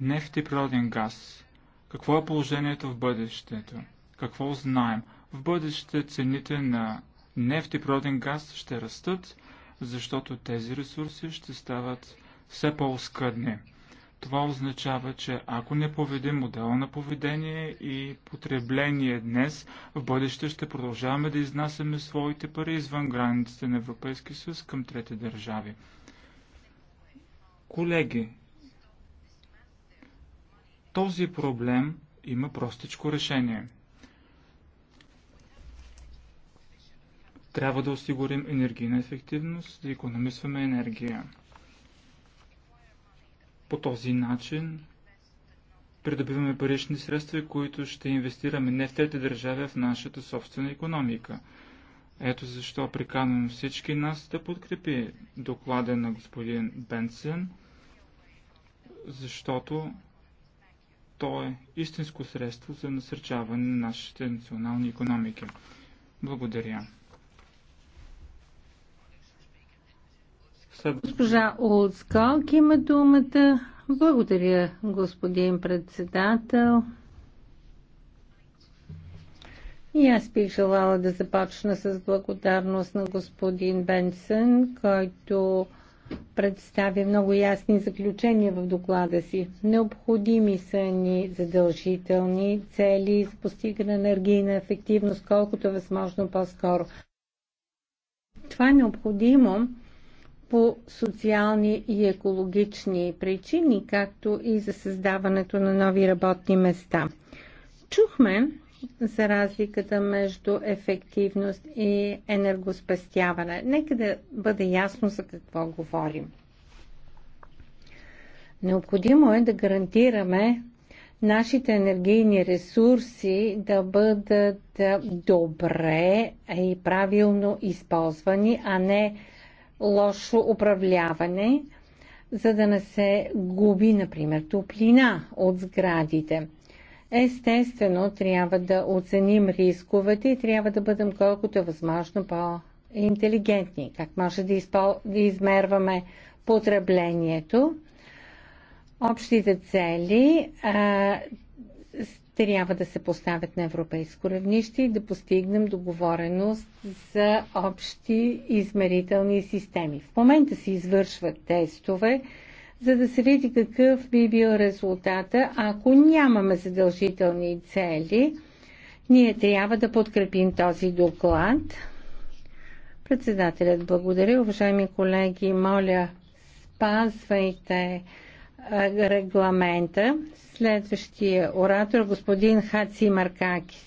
нефт и природен газ. Какво е положението в бъдещето? Какво знаем? В бъдеще цените на нефт и природен газ ще растат, защото тези ресурси ще стават все по-оскъдни. Това означава, че ако не поведем модела на поведение и потребление днес, в бъдеще ще продължаваме да изнасяме своите пари извън границите на Европейския съюз към трети държави. Колеги, този проблем има простичко решение. Трябва да осигурим енергийна ефективност, да економисваме енергия. По този начин придобиваме парични средства, които ще инвестираме не в трети държави, а в нашата собствена економика. Ето защо приканвам всички нас да подкрепи доклада на господин Бенсен, защото то е истинско средство за насърчаване на нашите национални економики. Благодаря. Госпожа Олдскок има думата. Благодаря, господин председател. И аз бих желала да започна с благодарност на господин Бенсън, който представя много ясни заключения в доклада си. Необходими са ни задължителни цели за постигане на енергийна ефективност, колкото е възможно по-скоро. Това е необходимо, по социални и екологични причини, както и за създаването на нови работни места. Чухме за разликата между ефективност и енергоспестяване. Нека да бъде ясно за какво говорим. Необходимо е да гарантираме нашите енергийни ресурси да бъдат добре и правилно използвани, а не лошо управляване, за да не се губи, например, топлина от сградите. Естествено, трябва да оценим рисковете и трябва да бъдем колкото е възможно по-интелигентни. Как може да, изпол... да измерваме потреблението? Общите цели а, трябва да се поставят на европейско равнище и да постигнем договореност за общи измерителни системи. В момента се извършват тестове, за да се види какъв би бил резултата, ако нямаме задължителни цели. Ние трябва да подкрепим този доклад. Председателят благодаря. Уважаеми колеги, моля, спазвайте регламента. Следващия оратор господин Хаци Маркакис.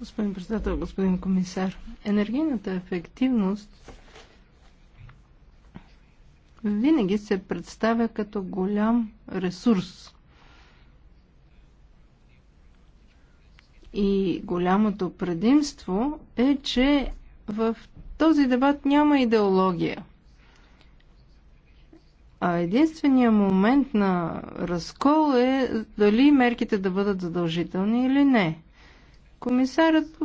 Господин председател, господин комисар, енергийната ефективност винаги се представя като голям ресурс. И голямото предимство е, че в този дебат няма идеология – а единственият момент на разкол е дали мерките да бъдат задължителни или не. Комисарът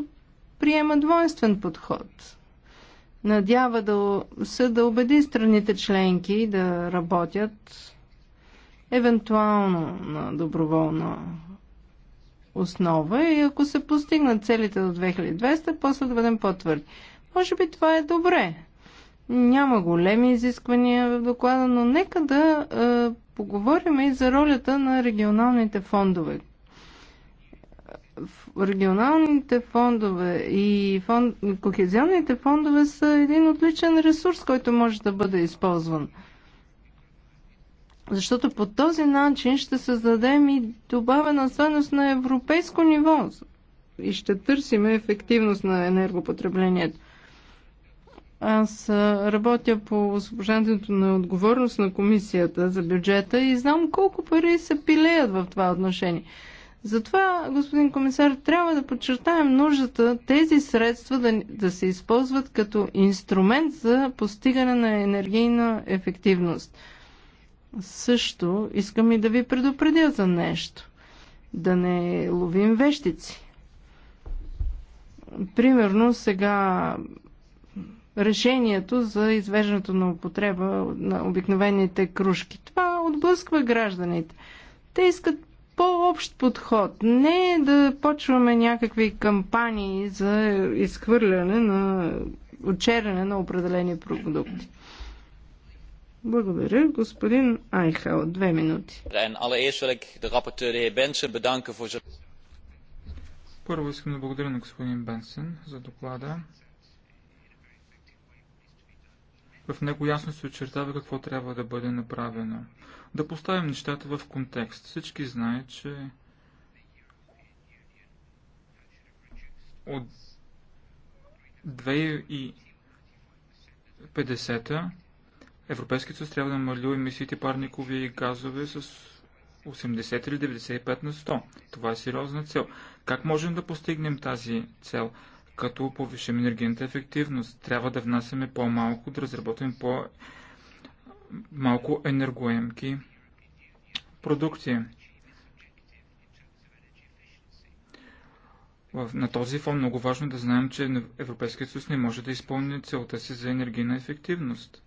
приема двойствен подход. Надява да се да убеди страните членки да работят евентуално на доброволна основа и ако се постигнат целите до 2200, после да бъдем по-твърди. Може би това е добре, няма големи изисквания в доклада, но нека да е, поговорим и за ролята на регионалните фондове. Регионалните фондове и фонд... кохезионните фондове са един отличен ресурс, който може да бъде използван. Защото по този начин ще създадем и добавена стойност на европейско ниво и ще търсим ефективност на енергопотреблението. Аз работя по освобождането на отговорност на комисията за бюджета и знам колко пари се пилеят в това отношение. Затова, господин комисар, трябва да подчертаем нуждата тези средства да, да се използват като инструмент за постигане на енергийна ефективност. Също искам и да ви предупредя за нещо. Да не ловим вещици. Примерно сега решението за извеждането на употреба на обикновените кружки. Това отблъсква гражданите. Те искат по-общ подход. Не да почваме някакви кампании за изхвърляне на очерене на определени продукти. Благодаря. Господин Айхал, две минути. Първо искам да благодаря на господин Бенсен за доклада. В него ясно се очертава какво трябва да бъде направено. Да поставим нещата в контекст. Всички знаят, че от 2050 Европейският съюз трябва да намали емисиите парникови и газове с 80 или 95 на 100. Това е сериозна цел. Как можем да постигнем тази цел? като повишим енергийната ефективност. Трябва да внасяме по-малко, да разработим по-малко енергоемки продукти. На този фон много важно да знаем, че Европейският съюз не може да изпълни целта си за енергийна ефективност.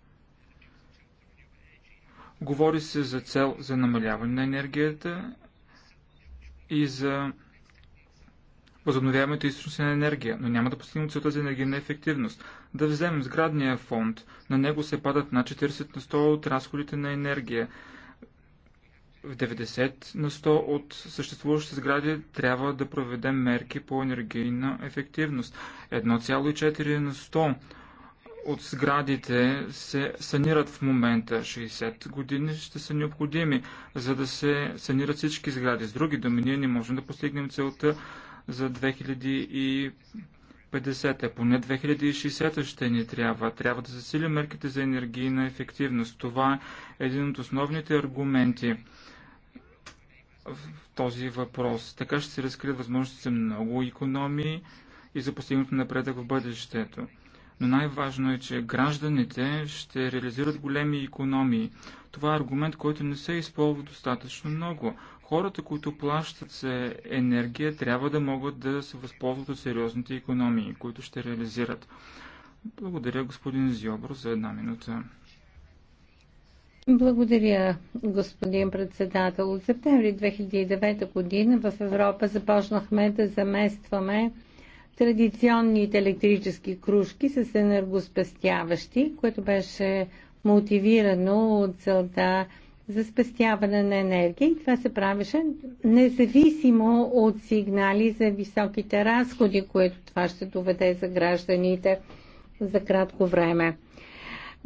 Говори се за цел за намаляване на енергията и за възобновяемите източници на енергия, но няма да постигнем целта за енергийна ефективност. Да вземем сградния фонд, на него се падат над 40 на 100 от разходите на енергия. В 90 на 100 от съществуващите сгради трябва да проведем мерки по енергийна ефективност. 1,4 на 100 от сградите се санират в момента. 60 години ще са необходими, за да се санират всички сгради. С други думи, ние не можем да постигнем целта за 2050. Поне 2060 ще ни трябва. Трябва да засилим мерките за енергийна ефективност. Това е един от основните аргументи в този въпрос. Така ще се разкрият възможности за много економии и за постигнато напредък в бъдещето. Но най-важно е, че гражданите ще реализират големи економии. Това е аргумент, който не се използва достатъчно много. Хората, които плащат се енергия, трябва да могат да се възползват от сериозните економии, които ще реализират. Благодаря, господин Зиобро, за една минута. Благодаря, господин председател. От септември 2009 година в Европа започнахме да заместваме традиционните електрически кружки с енергоспестяващи, което беше мотивирано от целта да за спестяване на енергия и това се правеше независимо от сигнали за високите разходи, които това ще доведе за гражданите за кратко време.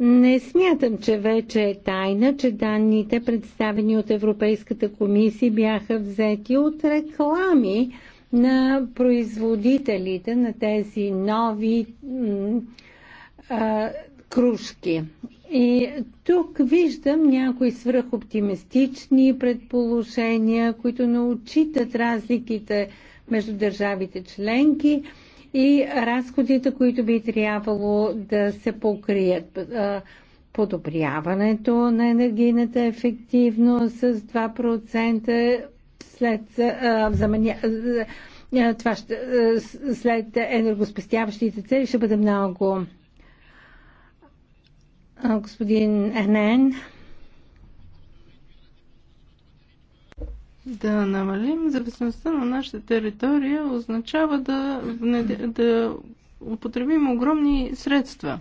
Не смятам, че вече е тайна, че данните, представени от Европейската комисия, бяха взети от реклами на производителите на тези нови а, кружки. И тук виждам някои свръхоптимистични предположения, които не отчитат разликите между държавите членки и разходите, които би трябвало да се покрият. Подобряването на енергийната ефективност с 2% след заменя, това ще, след енергоспестяващите цели ще бъде много Господин Енен. Да намалим зависимостта на нашата територия означава да, да употребим огромни средства.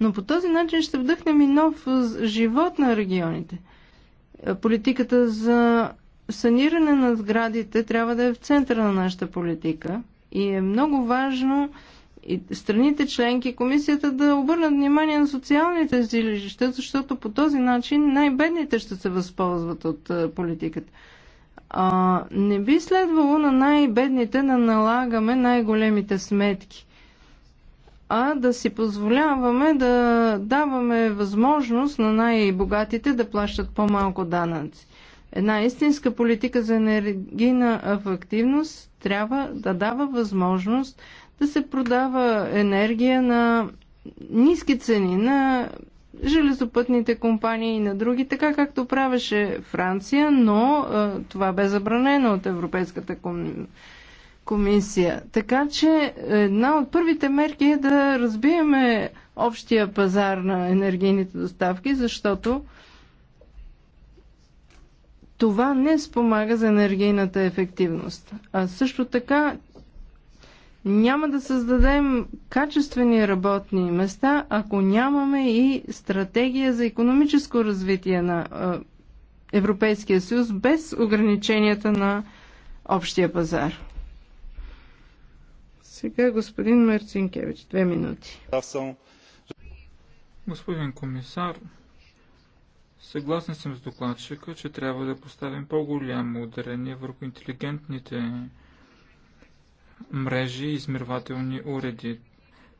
Но по този начин ще вдъхнем и нов живот на регионите. Е, политиката за саниране на сградите трябва да е в центъра на нашата политика и е много важно и страните членки, комисията да обърнат внимание на социалните жилища, защото по този начин най-бедните ще се възползват от е, политиката. А, не би следвало на най-бедните да налагаме най-големите сметки, а да си позволяваме да даваме възможност на най-богатите да плащат по-малко данъци. Една истинска политика за енергийна ефективност трябва да дава възможност да се продава енергия на ниски цени на железопътните компании и на други, така както правеше Франция, но това бе забранено от Европейската комисия комисия. Така че една от първите мерки е да разбиеме общия пазар на енергийните доставки, защото това не спомага за енергийната ефективност. А също така няма да създадем качествени работни места, ако нямаме и стратегия за економическо развитие на Европейския съюз без ограниченията на общия пазар. Сега господин Марцинкевич, две минути. Господин комисар, съгласен съм с докладчика, че трябва да поставим по-голямо ударение върху интелигентните мрежи и измервателни уреди.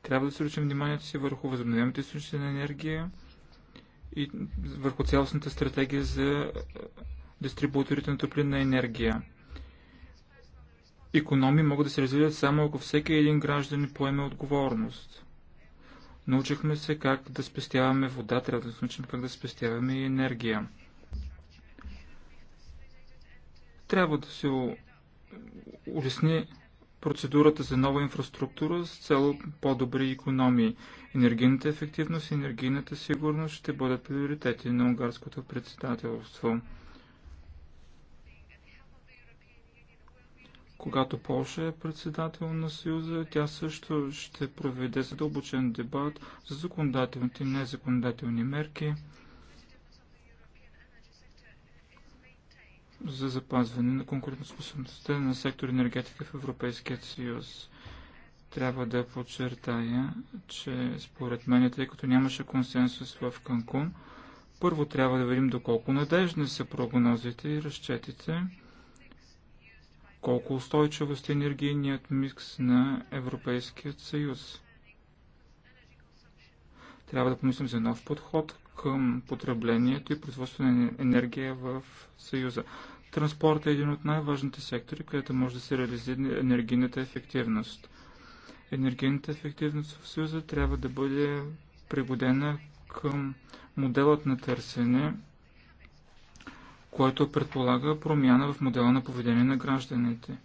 Трябва да сръчим вниманието си върху възобновяемите източници на енергия и върху цялостната стратегия за е, дистрибуторите на топлинна енергия. Економи могат да се развиват само ако всеки един гражданин поеме отговорност. Научихме се как да спестяваме вода, трябва да се научим как да спестяваме и енергия. Трябва да се улесни процедурата за нова инфраструктура с цел по-добри економии. Енергийната ефективност и енергийната сигурност ще бъдат приоритети на унгарското председателство. Когато Польша е председател на Съюза, тя също ще проведе задълбочен дебат за законодателните и незаконодателни мерки – за запазване на конкурентоспособността на сектор енергетика в Европейския съюз. Трябва да подчертая, че според мен, тъй като нямаше консенсус в Канкун, първо трябва да видим доколко надежни са прогнозите и разчетите, колко устойчивост е енергийният микс на Европейският съюз. Трябва да помислим за нов подход към потреблението и производството на енергия в Съюза. Транспорт е един от най-важните сектори, където може да се реализира енергийната ефективност. Енергийната ефективност в Съюза трябва да бъде пригодена към моделът на търсене, който предполага промяна в модела на поведение на гражданите.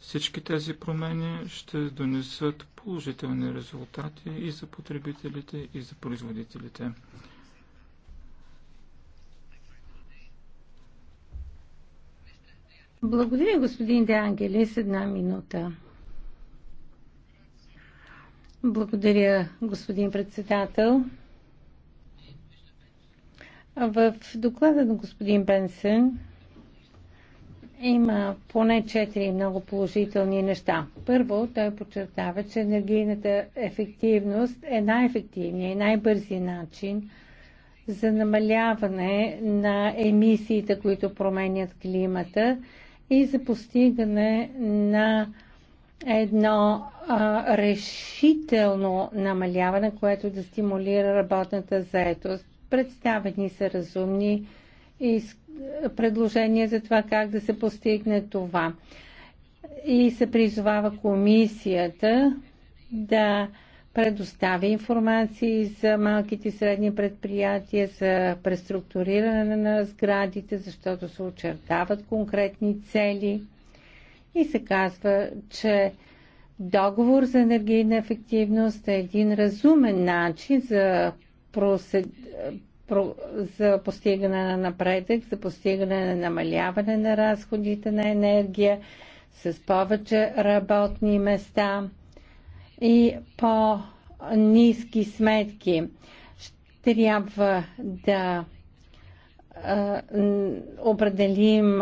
Всички тези промени ще донесат положителни резултати и за потребителите, и за производителите. Благодаря, господин Де Ангелис. Една минута. Благодаря, господин председател. В доклада на господин Бенсен има поне четири много положителни неща. Първо, той подчертава, че енергийната ефективност е най-ефективният и най-бързият начин за намаляване на емисиите, които променят климата и за постигане на едно а, решително намаляване, което да стимулира работната заетост. Представени са разумни предложения за това как да се постигне това. И се призовава комисията да предоставя информации за малките и средни предприятия, за преструктуриране на сградите, защото се очертават конкретни цели и се казва, че договор за енергийна ефективност е един разумен начин за, просед... про... за постигане на напредък, за постигане на намаляване на разходите на енергия с повече работни места – и по-низки сметки. Трябва да определим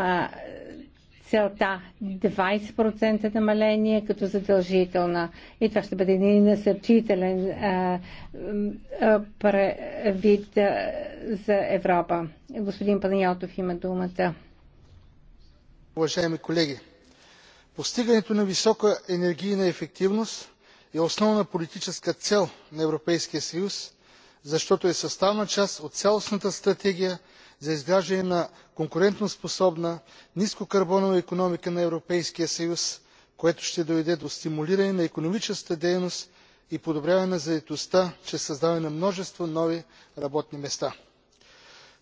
целта 20% намаление като задължителна. И това ще бъде един насърчителен а, а, вид а, за Европа. Господин Панайотов има думата. Уважаеми колеги, постигането на висока енергийна ефективност е основна политическа цел на европейския съюз защото е съставна част от цялостната стратегия за изграждане на конкурентоспособна нискокарбонова икономика на европейския съюз което ще доведе до стимулиране на икономическата дейност и подобряване на заетостта чрез създаване на множество нови работни места.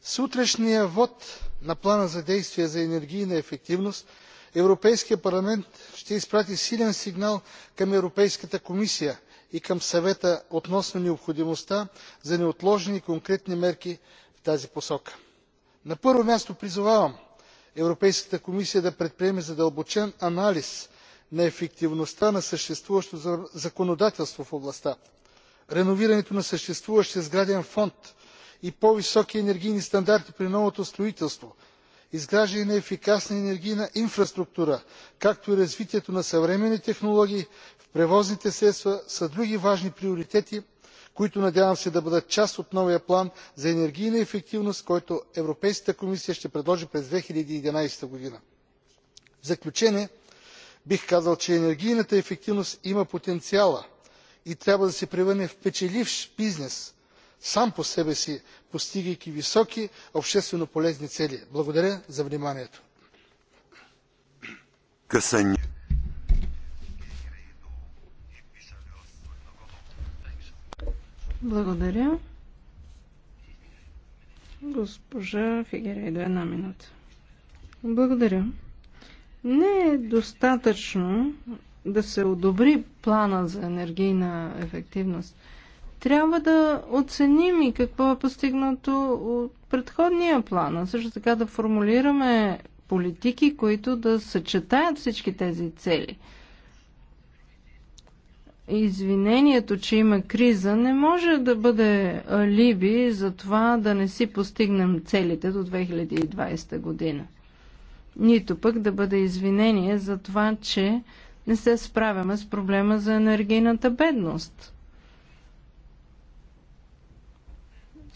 с утрешния вот на плана за действие за енергийна ефективност европейският парламент ще изпрати силен сигнал към европейската комисия и към съвета относно необходимостта за неотложни и конкретни мерки в тази посока. на първо място призовавам европейската комисия да предприеме задълбочен анализ на ефективността на съществуващото законодателство в областта реновирането на съществуващия сграден фонд и по високи енергийни стандарти при новото строителство изграждане на ефикасна енергийна инфраструктура както и развитието на съвременни технологии в превозните средства са други важни приоритети които надявам се да бъдат част от новия план за енергийна ефективност който европейската комисия ще предложи през. 2011 година. г. в заключение бих казал че енергийната ефективност има потенциала и трябва да се превърне в печеливш бизнес сам по себе си постигайки високи обществено полезни цели. благодаря за вниманието. Благодаря. Госпожа Фигерейдо, една минута. Благодаря. Не е достатъчно да се одобри плана за енергийна ефективност трябва да оценим и какво е постигнато от предходния план, а също така да формулираме политики, които да съчетаят всички тези цели. Извинението, че има криза, не може да бъде алиби за това да не си постигнем целите до 2020 година. Нито пък да бъде извинение за това, че не се справяме с проблема за енергийната бедност.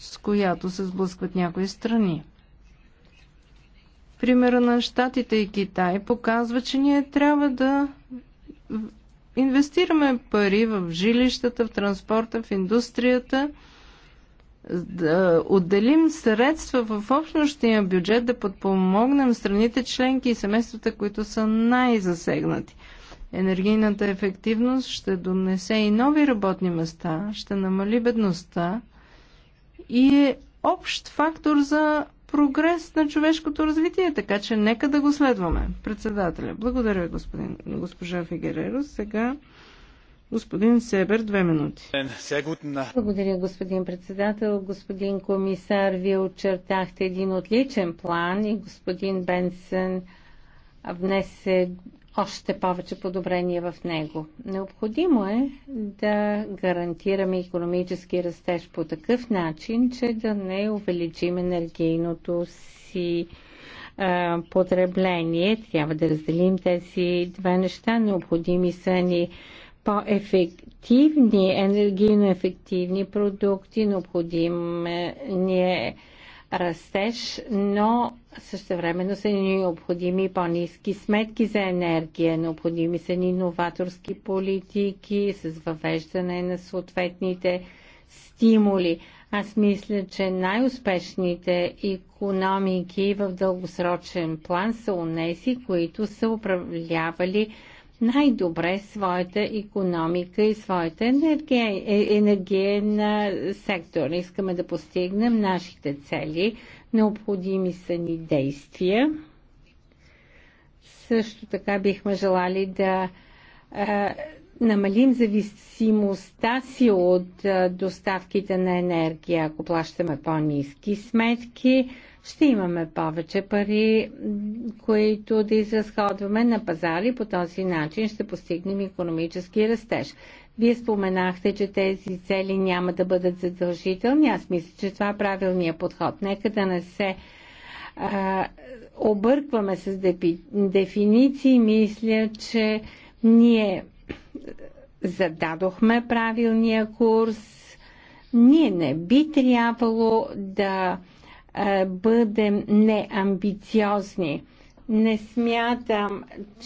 с която се сблъскват някои страни. Примера на Штатите и Китай показва, че ние трябва да инвестираме пари в жилищата, в транспорта, в индустрията, да отделим средства в общностния бюджет, да подпомогнем страните членки и семействата, които са най-засегнати. Енергийната ефективност ще донесе и нови работни места, ще намали бедността, и е общ фактор за прогрес на човешкото развитие, така че нека да го следваме. Председателя, благодаря господин, госпожа Фигереро. Сега господин Себер, две минути. Благодаря господин председател, господин комисар, вие очертахте един отличен план и господин Бенсен внесе още повече подобрение в него. Необходимо е да гарантираме економически растеж по такъв начин, че да не увеличим енергийното си а, потребление. Трябва да разделим тези две неща. Необходими са ни по-ефективни, енергийно ефективни продукти. Необходим е, ни е растеж, но същевременно са ни необходими по-низки сметки за енергия, необходими са ни новаторски политики с въвеждане на съответните стимули. Аз мисля, че най-успешните економики в дългосрочен план са унеси, които са управлявали най-добре своята економика и своята енергия, е, енергиен сектор. Искаме да постигнем нашите цели. Необходими са ни действия. Също така бихме желали да е, намалим зависимостта си от е, доставките на енергия, ако плащаме по-низки сметки, ще имаме повече пари, които да изразходваме на пазари. По този начин ще постигнем економически растеж. Вие споменахте, че тези цели няма да бъдат задължителни. Аз мисля, че това е правилният подход. Нека да не се а, объркваме с депи, дефиниции. Мисля, че ние зададохме правилния курс. Ние не би трябвало да бъдем неамбициозни. Не смятам,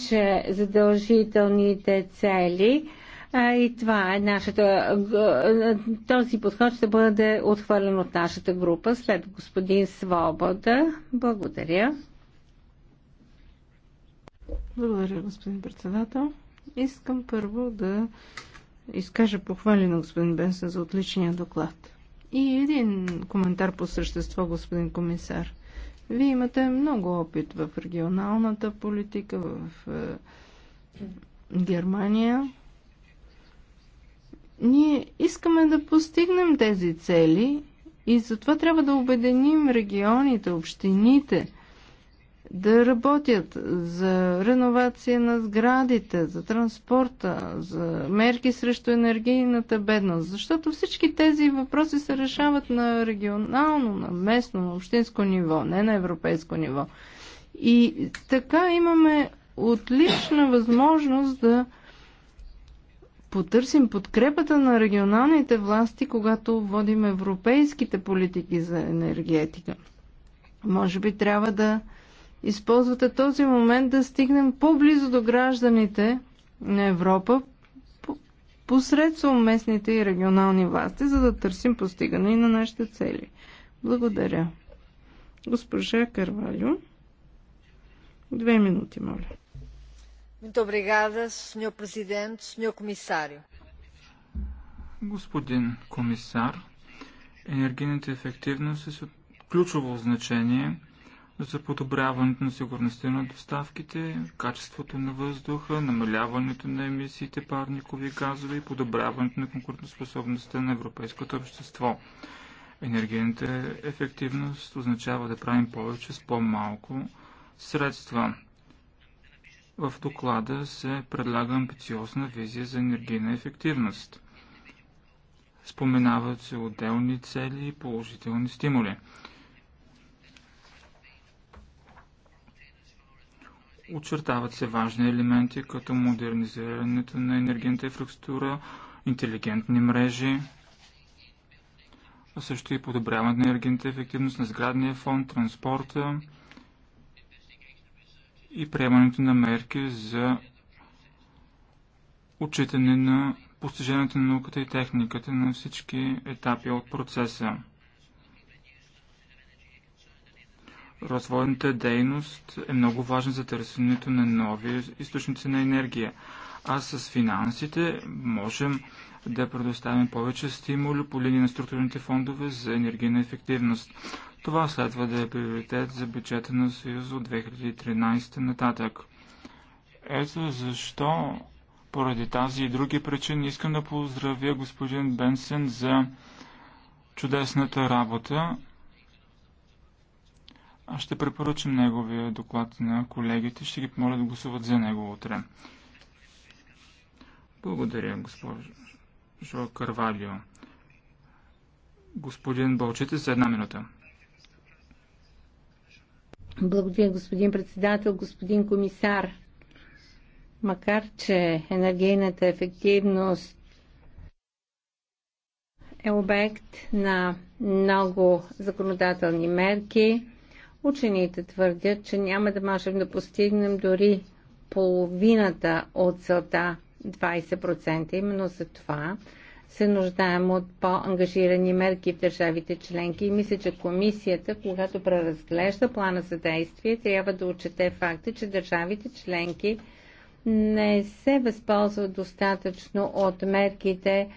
че задължителните цели и това е нашата. Този подход ще бъде отхвърлен от нашата група след господин Свобода. Благодаря. Благодаря, господин председател. Искам първо да изкажа похвали на господин Бенсен за отличния доклад. И един коментар по същество, господин комисар. Вие имате много опит в регионалната политика, в е, Германия. Ние искаме да постигнем тези цели и затова трябва да обединим регионите, общините – да работят за реновация на сградите, за транспорта, за мерки срещу енергийната бедност. Защото всички тези въпроси се решават на регионално, на местно, на общинско ниво, не на европейско ниво. И така имаме отлична възможност да потърсим подкрепата на регионалните власти, когато водим европейските политики за енергетика. Може би трябва да използвате този момент да стигнем по-близо до гражданите на Европа посредством местните и регионални власти, за да търсим постигане и на нашите цели. Благодаря. Госпожа Карвалю. Две минути, моля. Muito obrigada, Sr. Presidente, Sr. Comissário. Господин комисар, енергийната ефективност е с ключово значение за подобряването на сигурността на доставките, качеството на въздуха, намаляването на емисиите парникови газове и подобряването на конкурентоспособността на европейското общество. Енергийната ефективност означава да правим повече с по-малко средства. В доклада се предлага амбициозна визия за енергийна ефективност. Споменават се отделни цели и положителни стимули. Очертават се важни елементи, като модернизирането на енергийната инфраструктура, интелигентни мрежи, а също и подобряването на енергийната ефективност на сградния фонд, транспорта и приемането на мерки за отчитане на постижението на науката и техниката на всички етапи от процеса. развойната дейност е много важна за търсенето на нови източници на енергия. А с финансите можем да предоставим повече стимули по линия на структурните фондове за енергийна ефективност. Това следва да е приоритет за бюджета на Съюза от 2013 нататък. Ето защо поради тази и други причини искам да поздравя господин Бенсен за чудесната работа. Аз ще препоръчам неговия доклад на колегите. Ще ги помоля да гласуват за него утре. Благодаря, госпожо Карвалио. Господин Балчите, за една минута. Благодаря, господин председател, господин комисар. Макар, че енергийната ефективност е обект на много законодателни мерки, Учените твърдят, че няма да можем да постигнем дори половината от целта 20%. Именно за това се нуждаем от по-ангажирани мерки в държавите членки и мисля, че комисията, когато преразглежда плана за действие, трябва да отчете факта, че държавите членки не се възползват достатъчно от мерките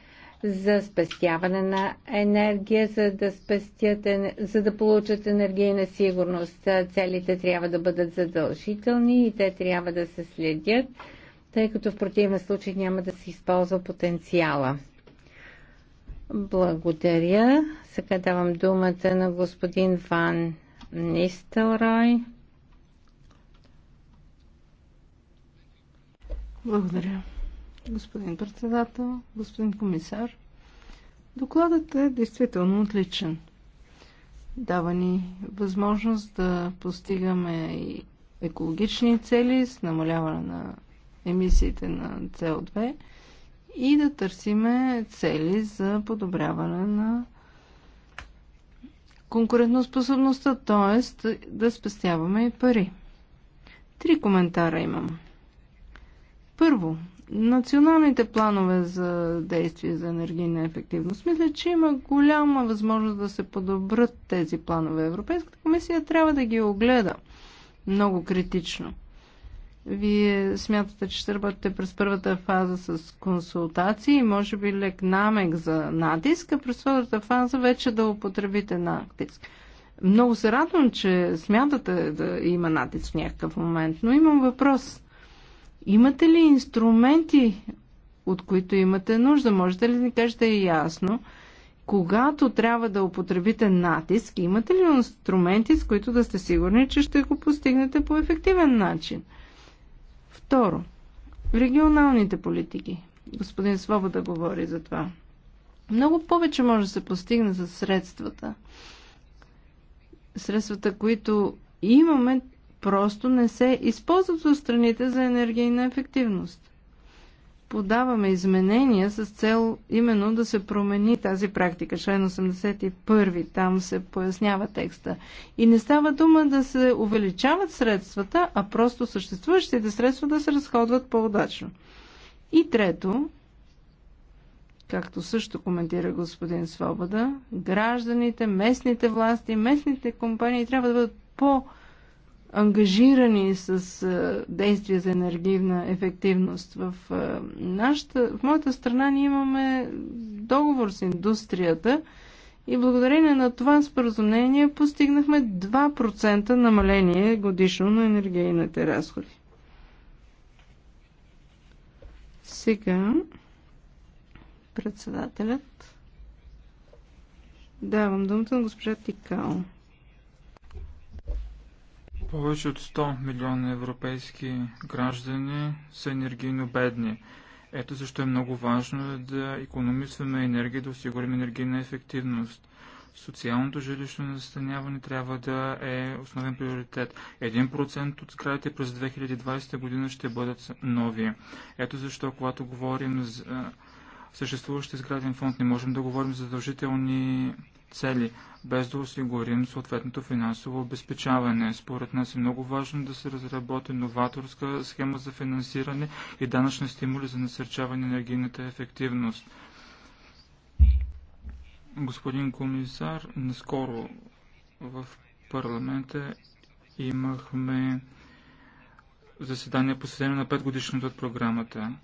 за спестяване на енергия, за да, спестят, за да получат енергийна сигурност. Целите трябва да бъдат задължителни и те трябва да се следят, тъй като в противен случай няма да се използва потенциала. Благодаря. Сега давам думата на господин Ван Нистелрой. Благодаря господин председател, господин комисар. Докладът е действително отличен. Дава ни възможност да постигаме и екологични цели с намаляване на емисиите на CO2 и да търсиме цели за подобряване на конкурентоспособността, т.е. да спестяваме и пари. Три коментара имам. Първо, националните планове за действие за енергийна ефективност. Мисля, че има голяма възможност да се подобрат тези планове. Европейската комисия трябва да ги огледа много критично. Вие смятате, че ще работите през първата фаза с консултации и може би лек намек за натиск, а през втората фаза вече да употребите натиск. Много се радвам, че смятате да има натиск в някакъв момент, но имам въпрос. Имате ли инструменти, от които имате нужда? Можете ли да ни кажете ясно? Когато трябва да употребите натиск, имате ли инструменти, с които да сте сигурни, че ще го постигнете по ефективен начин? Второ, регионалните политики. Господин Свобода говори за това. Много повече може да се постигне за средствата. Средствата, които имаме, просто не се използват от страните за енергийна ефективност. Подаваме изменения с цел именно да се промени тази практика. Член 81, там се пояснява текста. И не става дума да се увеличават средствата, а просто съществуващите средства да се разходват по-удачно. И трето, както също коментира господин Свобода, гражданите, местните власти, местните компании трябва да бъдат по- ангажирани с действия за енергийна ефективност. В, нашата, в моята страна ние имаме договор с индустрията и благодарение на това споразумение постигнахме 2% намаление годишно на енергийните разходи. Сега председателят давам думата на госпожа Тикао. Повече от 100 милиона европейски граждани са енергийно бедни. Ето защо е много важно да економисваме енергия, да осигурим енергийна ефективност. Социалното жилищно настаняване трябва да е основен приоритет. 1% от сградите през 2020 година ще бъдат нови. Ето защо, когато говорим за съществуващия сграден фонд, не можем да говорим за задължителни цели, без да осигурим съответното финансово обезпечаване. Според нас е много важно да се разработи новаторска схема за финансиране и данъчни стимули за насърчаване на енергийната ефективност. Господин комисар, наскоро в парламента имахме заседание посредено на 5 годишното от програмата.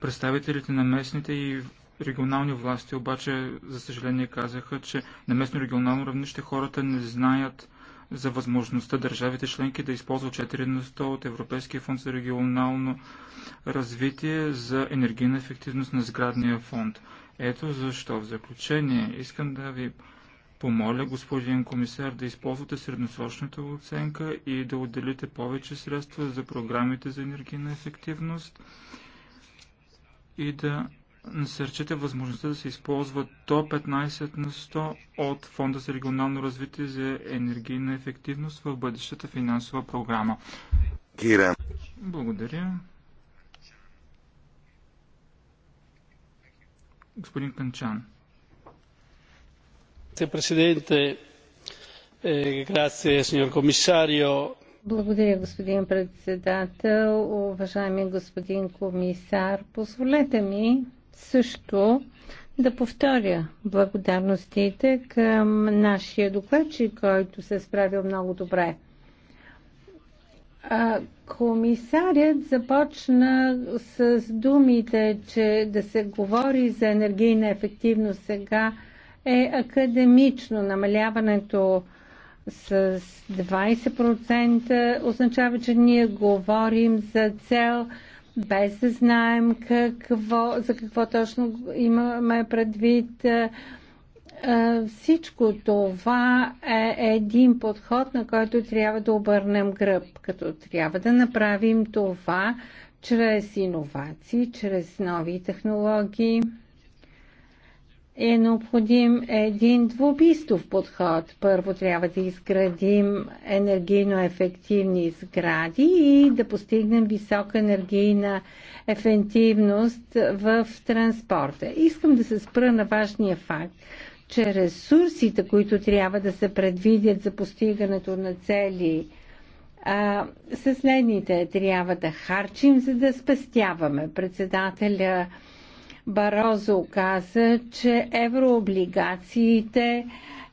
Представителите на местните и Регионални власти обаче, за съжаление, казаха, че на местно регионално равнище хората не знаят за възможността държавите членки да използват 4 на 100 от Европейския фонд за регионално развитие за енергийна ефективност на сградния фонд. Ето защо в заключение искам да ви помоля господин комисар да използвате средносрочната оценка и да отделите повече средства за програмите за енергийна ефективност и да насърчите възможността да се използва до 15 на 100 от Фонда за регионално развитие за енергийна ефективност в бъдещата финансова програма. Кира. Благодаря. Господин Канчан. Президенте, е, грация, сеньор комисарио. Благодаря, господин председател. Уважаеми господин комисар, позволете ми също да повторя благодарностите към нашия докладчик, който се е справил много добре. А, комисарят започна с думите, че да се говори за енергийна ефективност сега е академично. Намаляването с 20% означава, че ние говорим за цел без да знаем какво, за какво точно имаме предвид. Всичко това е един подход, на който трябва да обърнем гръб, като трябва да направим това чрез иновации, чрез нови технологии е необходим един двубистов подход. Първо трябва да изградим енергийно ефективни сгради и да постигнем висока енергийна ефективност в транспорта. Искам да се спра на важния факт, че ресурсите, които трябва да се предвидят за постигането на цели, са следните. Трябва да харчим, за да спестяваме. Председателя Барозо каза, че еврооблигациите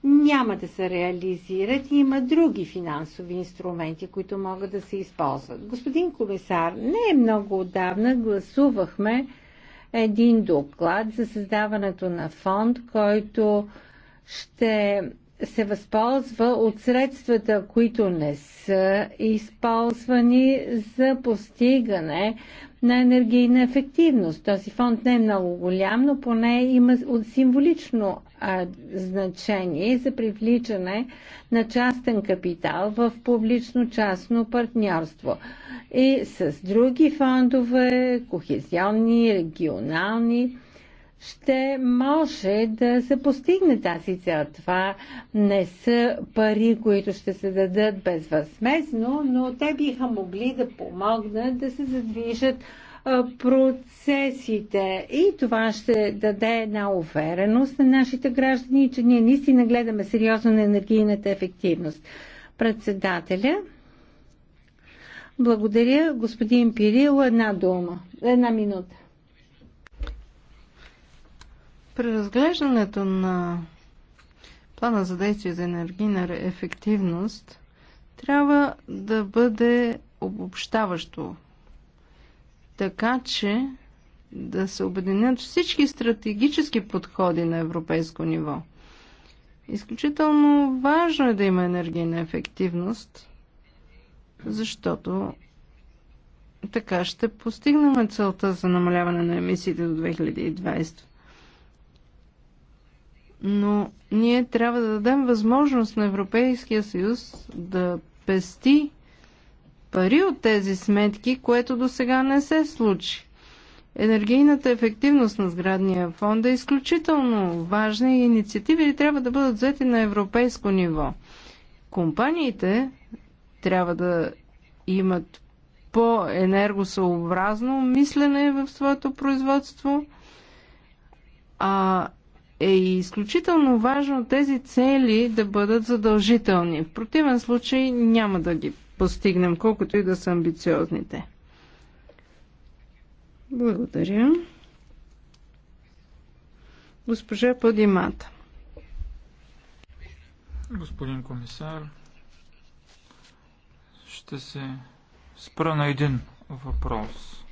няма да се реализират и има други финансови инструменти, които могат да се използват. Господин комисар, не е много отдавна гласувахме един доклад за създаването на фонд, който ще се възползва от средствата, които не са използвани за постигане на енергийна ефективност. Този фонд не е много голям, но поне има символично а, значение за привличане на частен капитал в публично-частно партньорство. И с други фондове, кохезионни, регионални, ще може да се постигне тази цел. Това не са пари, които ще се дадат безвъзмезно, но те биха могли да помогнат да се задвижат процесите и това ще даде една увереност на нашите граждани, че ние наистина гледаме сериозно на енергийната ефективност. Председателя, благодаря. Господин Пирил, една дума, една минута. Преразглеждането на плана за действие за енергийна ефективност трябва да бъде обобщаващо, така че да се обединят всички стратегически подходи на европейско ниво. Изключително важно е да има енергийна ефективност, защото така ще постигнем целта за намаляване на емисиите до 2020 но ние трябва да дадем възможност на Европейския съюз да пести пари от тези сметки, което до сега не се случи. Енергийната ефективност на сградния фонд е изключително важна и инициативи трябва да бъдат взети на европейско ниво. Компаниите трябва да имат по-енергосъобразно мислене в своето производство, а е изключително важно тези цели да бъдат задължителни. В противен случай няма да ги постигнем, колкото и да са амбициозните. Благодаря. Госпожа Падимата. Господин комисар, ще се спра на един въпрос.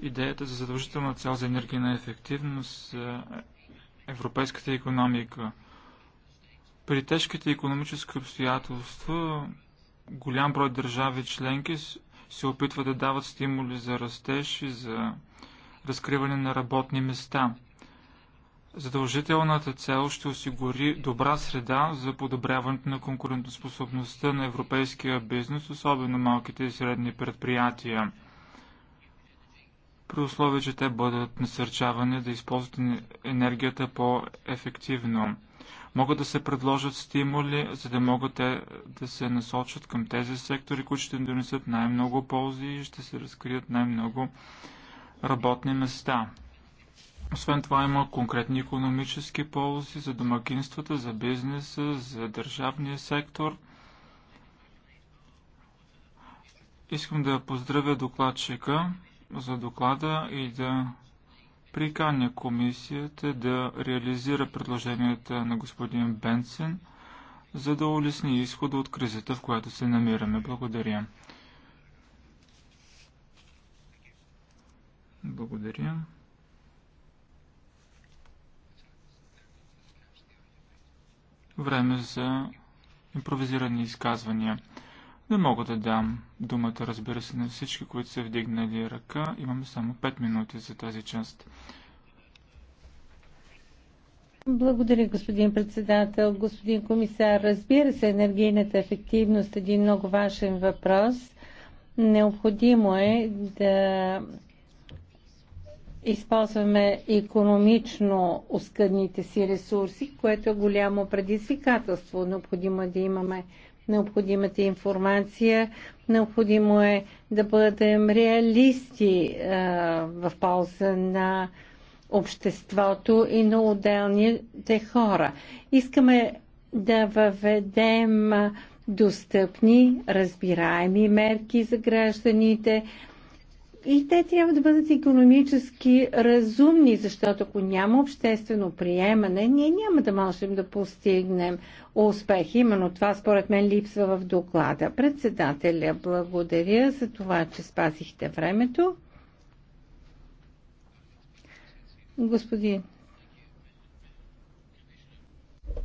Идеята за задължителна цел за енергийна ефективност е, европейската економика. При тежките економически обстоятелства голям брой държави членки се опитват да дават стимули за растеж и за разкриване на работни места. Задължителната цел ще осигури добра среда за подобряването на конкурентоспособността на европейския бизнес, особено малките и средни предприятия при условие, че те бъдат насърчавани да използват енергията по-ефективно. Могат да се предложат стимули, за да могат те да се насочат към тези сектори, които ще донесат най-много ползи и ще се разкрият най-много работни места. Освен това има конкретни економически ползи за домакинствата, за бизнеса, за държавния сектор. Искам да поздравя докладчика за доклада и да приканя комисията да реализира предложенията на господин Бенсен, за да улесни изхода от кризата, в която се намираме. Благодаря. Благодаря. Време за импровизирани изказвания. Не мога да дам думата, разбира се, на всички, които са вдигнали ръка. Имаме само 5 минути за тази част. Благодаря, господин председател, господин комисар. Разбира се, енергийната ефективност е един много важен въпрос. Необходимо е да използваме економично оскъдните си ресурси, което е голямо предизвикателство. Необходимо е да имаме необходимата информация. Необходимо е да бъдем реалисти а, е, в полза на обществото и на отделните хора. Искаме да въведем достъпни, разбираеми мерки за гражданите, и те трябва да бъдат економически разумни, защото ако няма обществено приемане, ние няма да можем да постигнем успех. Именно това според мен липсва в доклада. Председателя, благодаря за това, че спасихте времето. Господин.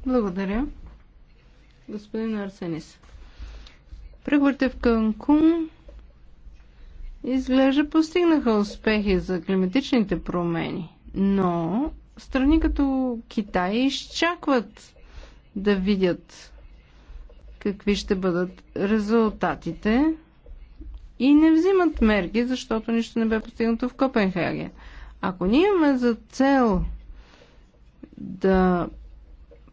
Благодаря. Господин Арсенис. Преговорите в Канкун изглежда постигнаха успехи за климатичните промени, но страни като Китай изчакват да видят какви ще бъдат резултатите и не взимат мерки, защото нищо не бе постигнато в Копенхаген. Ако ние имаме за цел да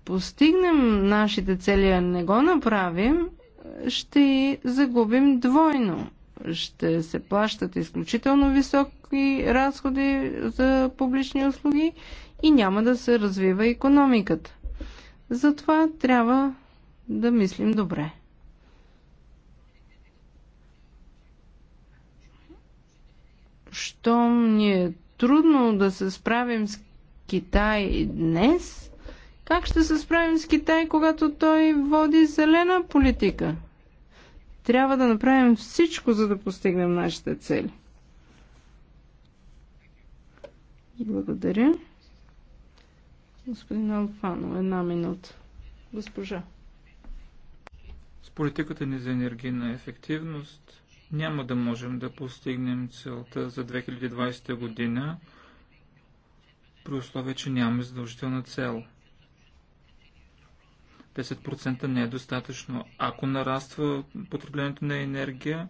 постигнем нашите цели, а не го направим, ще загубим двойно ще се плащат изключително високи разходи за публични услуги и няма да се развива економиката. Затова трябва да мислим добре. Щом ни е трудно да се справим с Китай днес, как ще се справим с Китай, когато той води зелена политика? Трябва да направим всичко, за да постигнем нашите цели. Благодаря. Господин Алфано, една минута. Госпожа. С политиката ни за енергийна ефективност няма да можем да постигнем целта за 2020 година, при условие, че нямаме задължителна цел – 10% не е достатъчно. Ако нараства потреблението на енергия,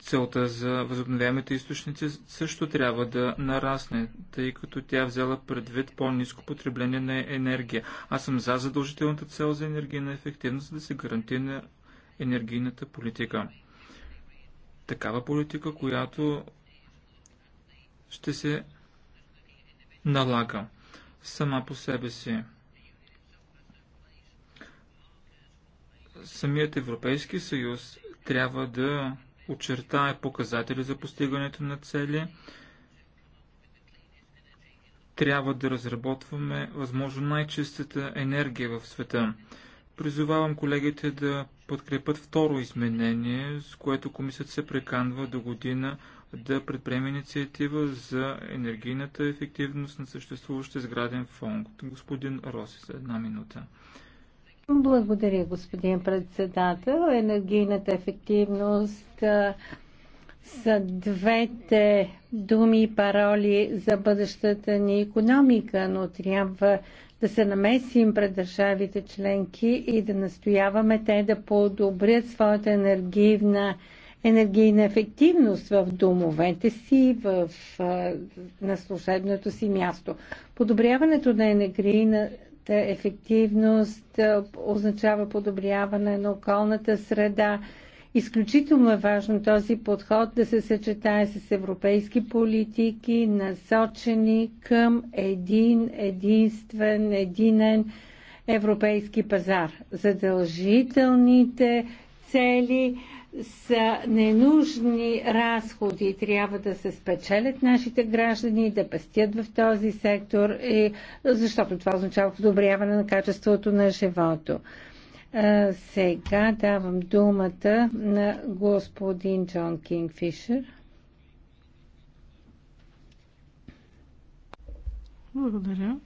целта за възобновяемите източници също трябва да нарасне, тъй като тя взела предвид по-низко потребление на енергия. Аз съм за задължителната цел за енергийна ефективност, за да се гарантира енергийната политика. Такава политика, която ще се налага сама по себе си. самият Европейски съюз трябва да очертае показатели за постигането на цели. Трябва да разработваме възможно най-чистата енергия в света. Призовавам колегите да подкрепят второ изменение, с което комисията се преканва до година да предприеме инициатива за енергийната ефективност на съществуващия сграден фонд. Господин Роси, за една минута. Благодаря, господин председател. Енергийната ефективност са двете думи и пароли за бъдещата ни економика, но трябва да се намесим пред държавите членки и да настояваме те да подобрят своята енергийна енергийна ефективност в домовете си, в, на служебното си място. Подобряването на енергийна ефективност означава подобряване на околната среда. Изключително е важно този подход да се съчетае с европейски политики, насочени към един единствен, единен европейски пазар. Задължителните цели са ненужни разходи. Трябва да се спечелят нашите граждани, да пестят в този сектор, и, защото това означава подобряване на качеството на живото. Сега давам думата на господин Джон Кингфишер. Благодаря.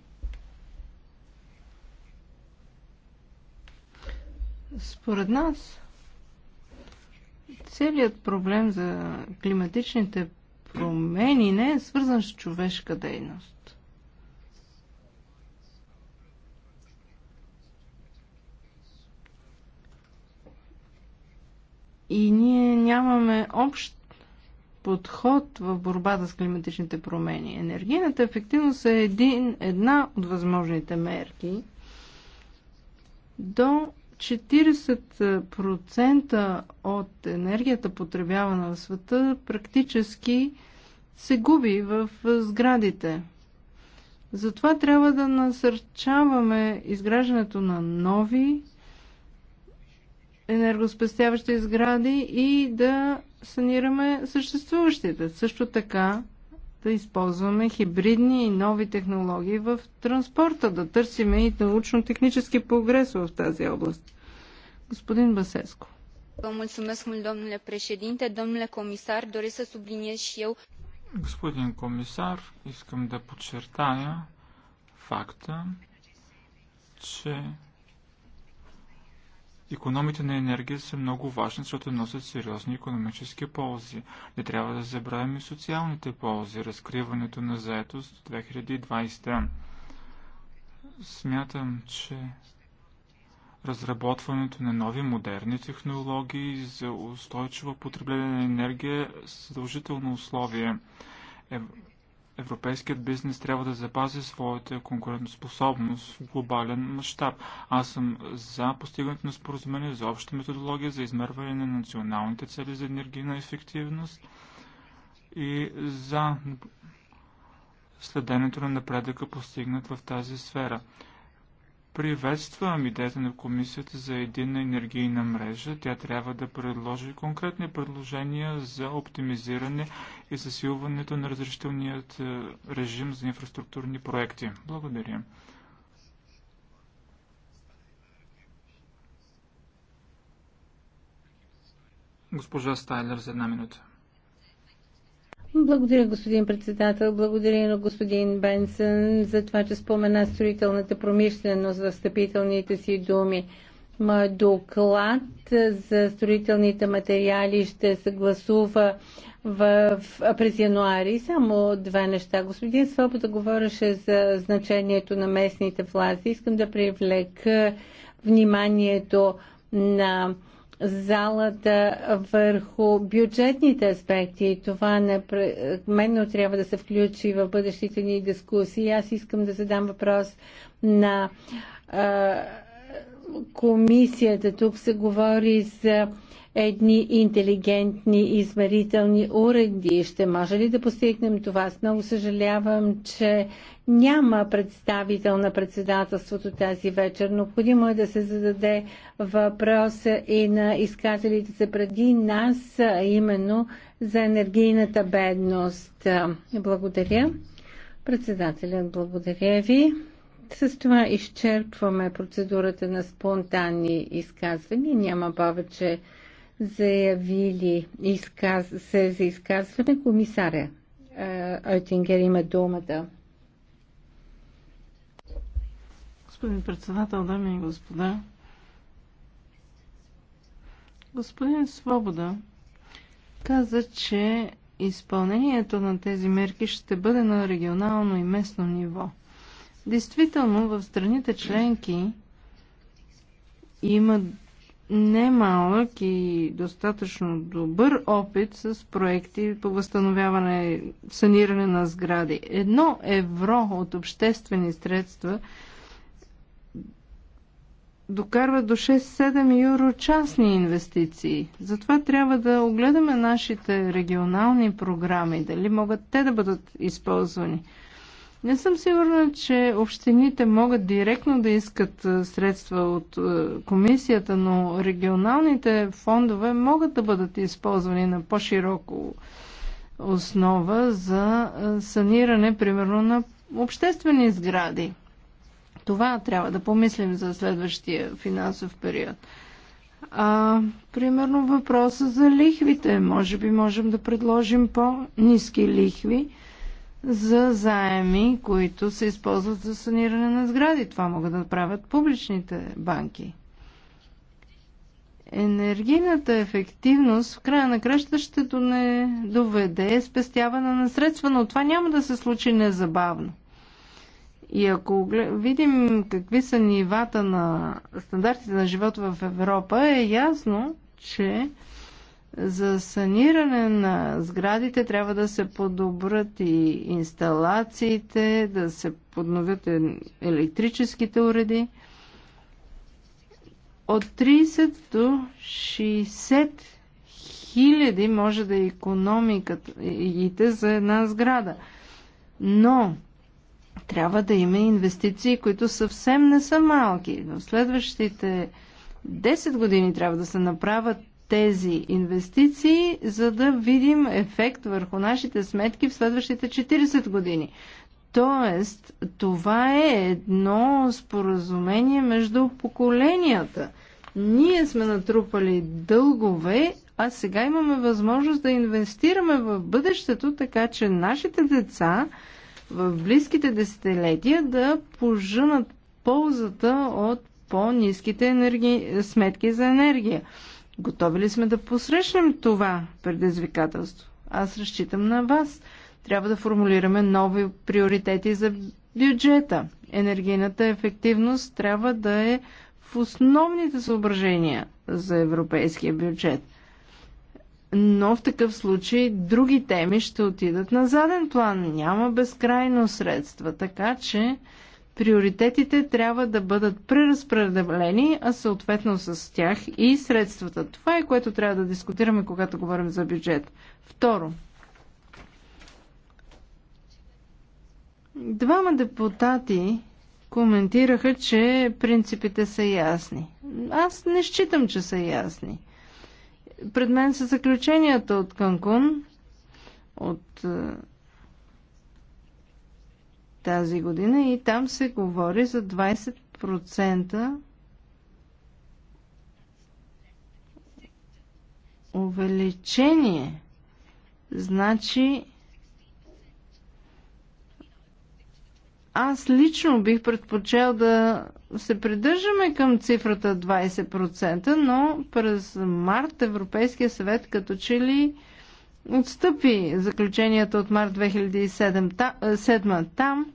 Според нас, целият проблем за климатичните промени не е свързан с човешка дейност. И ние нямаме общ подход в борбата с климатичните промени. Енергийната ефективност е един, една от възможните мерки до 40% от енергията потребявана в света практически се губи в сградите. Затова трябва да насърчаваме изграждането на нови енергоспестяващи сгради и да санираме съществуващите. Също така да използваме хибридни и нови технологии в транспорта, да търсиме и научно-технически прогрес в тази област. Господин Басеско. Господин комисар, искам да подчертая факта, че Економите на енергия са много важни, защото носят сериозни економически ползи. Не трябва да забравим и социалните ползи, разкриването на заетост 2020. Смятам, че разработването на нови модерни технологии за устойчиво потребление на енергия е задължително условие. Европейският бизнес трябва да запази своята конкурентоспособност в глобален мащаб. Аз съм за постигането на споразумение за обща методология за измерване на националните цели за енергийна ефективност и за следенето на напредъка постигнат в тази сфера. Приветствам идеята на Комисията за единна енергийна мрежа. Тя трябва да предложи конкретни предложения за оптимизиране и засилването на разрешителният е, режим за инфраструктурни проекти. Благодаря. Госпожа Стайлер за една минута. Благодаря, господин председател. Благодаря на господин Бенсън за това, че спомена строителната промишленост в стъпителните си думи. Моят доклад за строителните материали ще се гласува в, през януари. Само две неща. Господин Свобода говореше за значението на местните власти. Искам да привлека вниманието на залата върху бюджетните аспекти. Това непременно трябва да се включи в бъдещите ни дискусии. Аз искам да задам въпрос на комисията. Тук се говори за едни интелигентни измерителни уреди. Ще може ли да постигнем това? С много съжалявам, че няма представител на председателството тази вечер. Необходимо е да се зададе въпроса и на изказалите се преди нас, именно за енергийната бедност. Благодаря. Председателят, благодаря ви. С това изчерпваме процедурата на спонтанни изказвания. Няма повече заявили изказ... се за изказване. Комисаря е, Ойтингер има думата. Господин председател, дами и господа, господин Свобода каза, че изпълнението на тези мерки ще бъде на регионално и местно ниво – Действително, в страните членки има немалък и достатъчно добър опит с проекти по възстановяване, саниране на сгради. Едно евро от обществени средства докарва до 6-7 евро частни инвестиции. Затова трябва да огледаме нашите регионални програми, дали могат те да бъдат използвани. Не съм сигурна, че общините могат директно да искат средства от комисията, но регионалните фондове могат да бъдат използвани на по-широко основа за саниране, примерно, на обществени сгради. Това трябва да помислим за следващия финансов период. А, примерно въпроса за лихвите. Може би можем да предложим по-низки лихви за заеми, които се използват за саниране на сгради. Това могат да правят публичните банки. Енергийната ефективност в края на краща ще не доведе спестяване на средства, но това няма да се случи незабавно. И ако видим какви са нивата на стандартите на живот в Европа, е ясно, че за саниране на сградите трябва да се подобрат и инсталациите, да се подновят електрическите уреди. От 30 до 60 хиляди може да е економиката за една сграда. Но трябва да има инвестиции, които съвсем не са малки. В следващите 10 години трябва да се направят тези инвестиции, за да видим ефект върху нашите сметки в следващите 40 години. Тоест, това е едно споразумение между поколенията. Ние сме натрупали дългове, а сега имаме възможност да инвестираме в бъдещето, така че нашите деца в близките десетилетия да поженат ползата от по-низките енерги... сметки за енергия. Готови ли сме да посрещнем това предизвикателство? Аз разчитам на вас. Трябва да формулираме нови приоритети за бюджета. Енергийната ефективност трябва да е в основните съображения за европейския бюджет. Но в такъв случай други теми ще отидат на заден план. Няма безкрайно средства, така че приоритетите трябва да бъдат преразпределени, а съответно с тях и средствата. Това е което трябва да дискутираме, когато говорим за бюджет. Второ, Двама депутати коментираха, че принципите са ясни. Аз не считам, че са ясни. Пред мен са заключенията от Канкун, от е, тази година и там се говори за 20% увеличение. Значи, аз лично бих предпочел да се придържаме към цифрата 20%, но през март Европейския съвет като че ли отстъпи заключенията от март 2007 там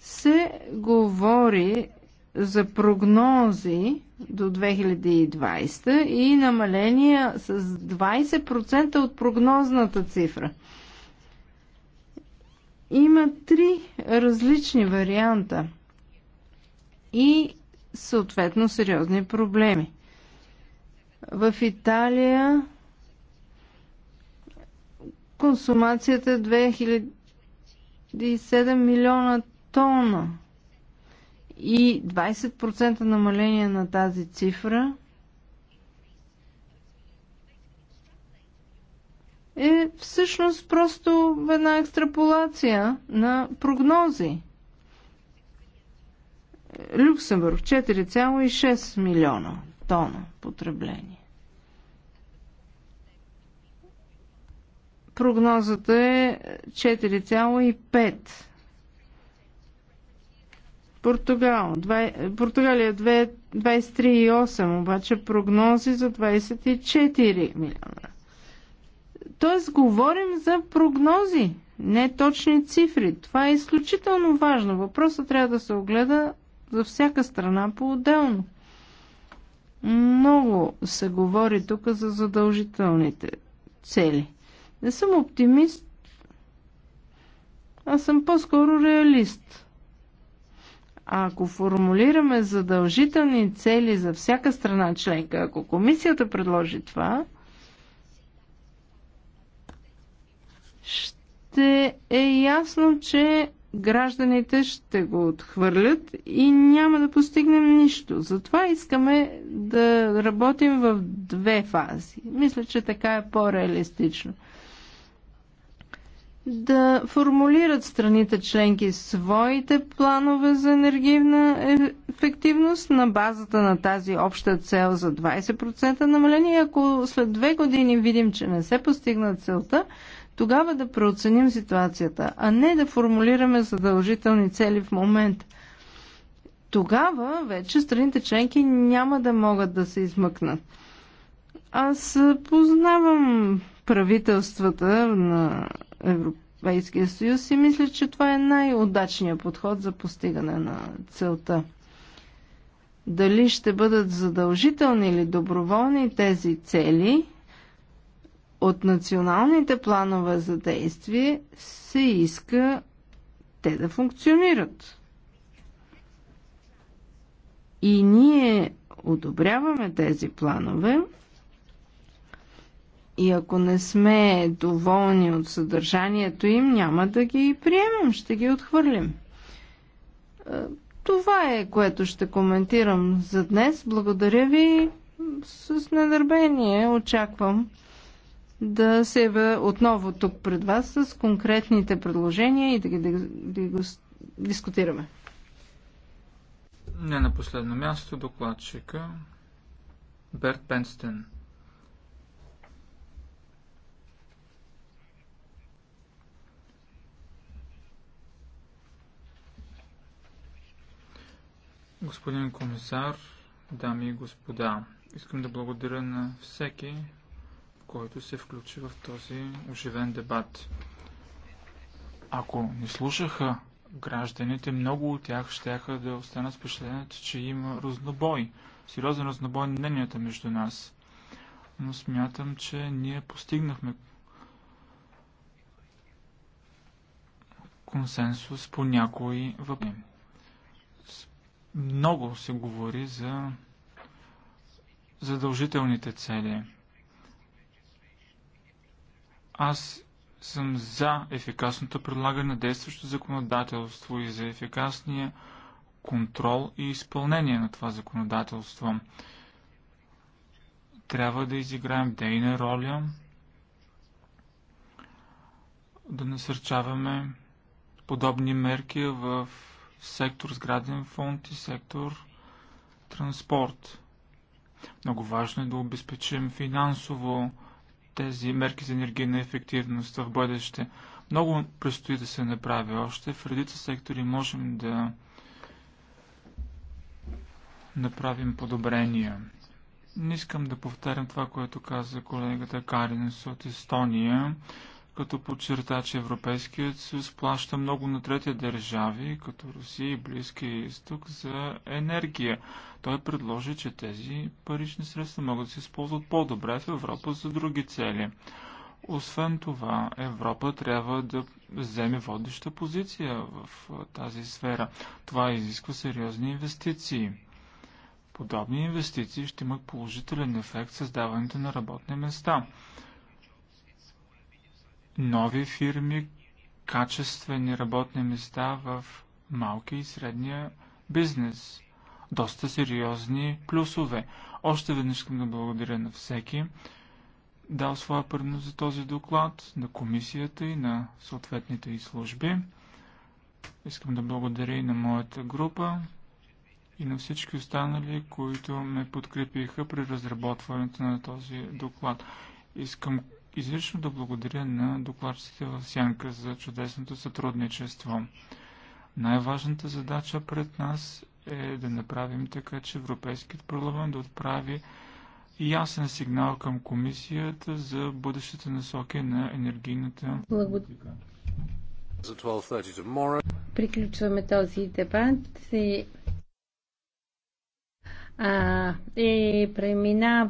се говори за прогнози до 2020 и намаления с 20% от прогнозната цифра. Има три различни варианта и съответно сериозни проблеми. В Италия консумацията 2007 е милиона тона. И 20% намаление на тази цифра е всъщност просто една екстраполация на прогнози. Люксембург 4,6 милиона тона потребление. Прогнозата е 4,5 Португал, Два, Португалия 23,8, обаче прогнози за 24 милиона. Тоест, говорим за прогнози, не точни цифри. Това е изключително важно. Въпросът трябва да се огледа за всяка страна по-отделно. Много се говори тук за задължителните цели. Не съм оптимист, а съм по-скоро реалист. Ако формулираме задължителни цели за всяка страна членка, ако комисията предложи това, ще е ясно, че гражданите ще го отхвърлят и няма да постигнем нищо. Затова искаме да работим в две фази. Мисля, че така е по-реалистично да формулират страните членки своите планове за енергийна ефективност на базата на тази обща цел за 20% намаление. Ако след две години видим, че не се постигна целта, тогава да преоценим ситуацията, а не да формулираме задължителни цели в момента. Тогава вече страните членки няма да могат да се измъкнат. Аз познавам правителствата на Европейския съюз и мисля, че това е най-удачният подход за постигане на целта. Дали ще бъдат задължителни или доброволни тези цели, от националните планове за действие се иска те да функционират. И ние одобряваме тези планове, и ако не сме доволни от съдържанието им, няма да ги приемем, ще ги отхвърлим. Е, това е, което ще коментирам за днес. Благодаря ви с недърбение. Очаквам да се явя отново тук пред вас с конкретните предложения и да ги, да, да ги дискутираме. Не на последно място докладчика Берт Пенстен. Господин комисар, дами и господа, искам да благодаря на всеки, който се включи в този оживен дебат. Ако не слушаха гражданите, много от тях ще да останат впечатлението, че има разнобой, сериозен разнобой на мненията между нас. Но смятам, че ние постигнахме консенсус по някои въпроси. Много се говори за задължителните цели. Аз съм за ефикасното предлагане на действащо законодателство и за ефикасния контрол и изпълнение на това законодателство. Трябва да изиграем дейна роля, да насърчаваме подобни мерки в сектор сграден фонд и сектор транспорт. Много важно е да обезпечим финансово тези мерки за енергийна ефективност в бъдеще. Много предстои да се направи още. В редица сектори можем да направим подобрения. Не искам да повтарям това, което каза колегата Каринс от Естония като подчерта, че Европейският съюз плаща много на трети държави, като Русия и Близкия изток, за енергия. Той предложи, че тези парични средства могат да се използват по-добре в Европа за други цели. Освен това, Европа трябва да вземе водеща позиция в тази сфера. Това изисква сериозни инвестиции. Подобни инвестиции ще имат положителен ефект създаването на работни места нови фирми, качествени работни места в малки и средния бизнес. Доста сериозни плюсове. Още веднъж искам да благодаря на всеки, дал своя принос за този доклад, на комисията и на съответните и служби. Искам да благодаря и на моята група и на всички останали, които ме подкрепиха при разработването на този доклад. Искам изрично да благодаря на докладчиците в Сянка за чудесното сътрудничество. Най-важната задача пред нас е да направим така, че Европейският парламент да отправи ясен сигнал към комисията за бъдещите насоки на енергийната политика. Приключваме този дебат и, а, и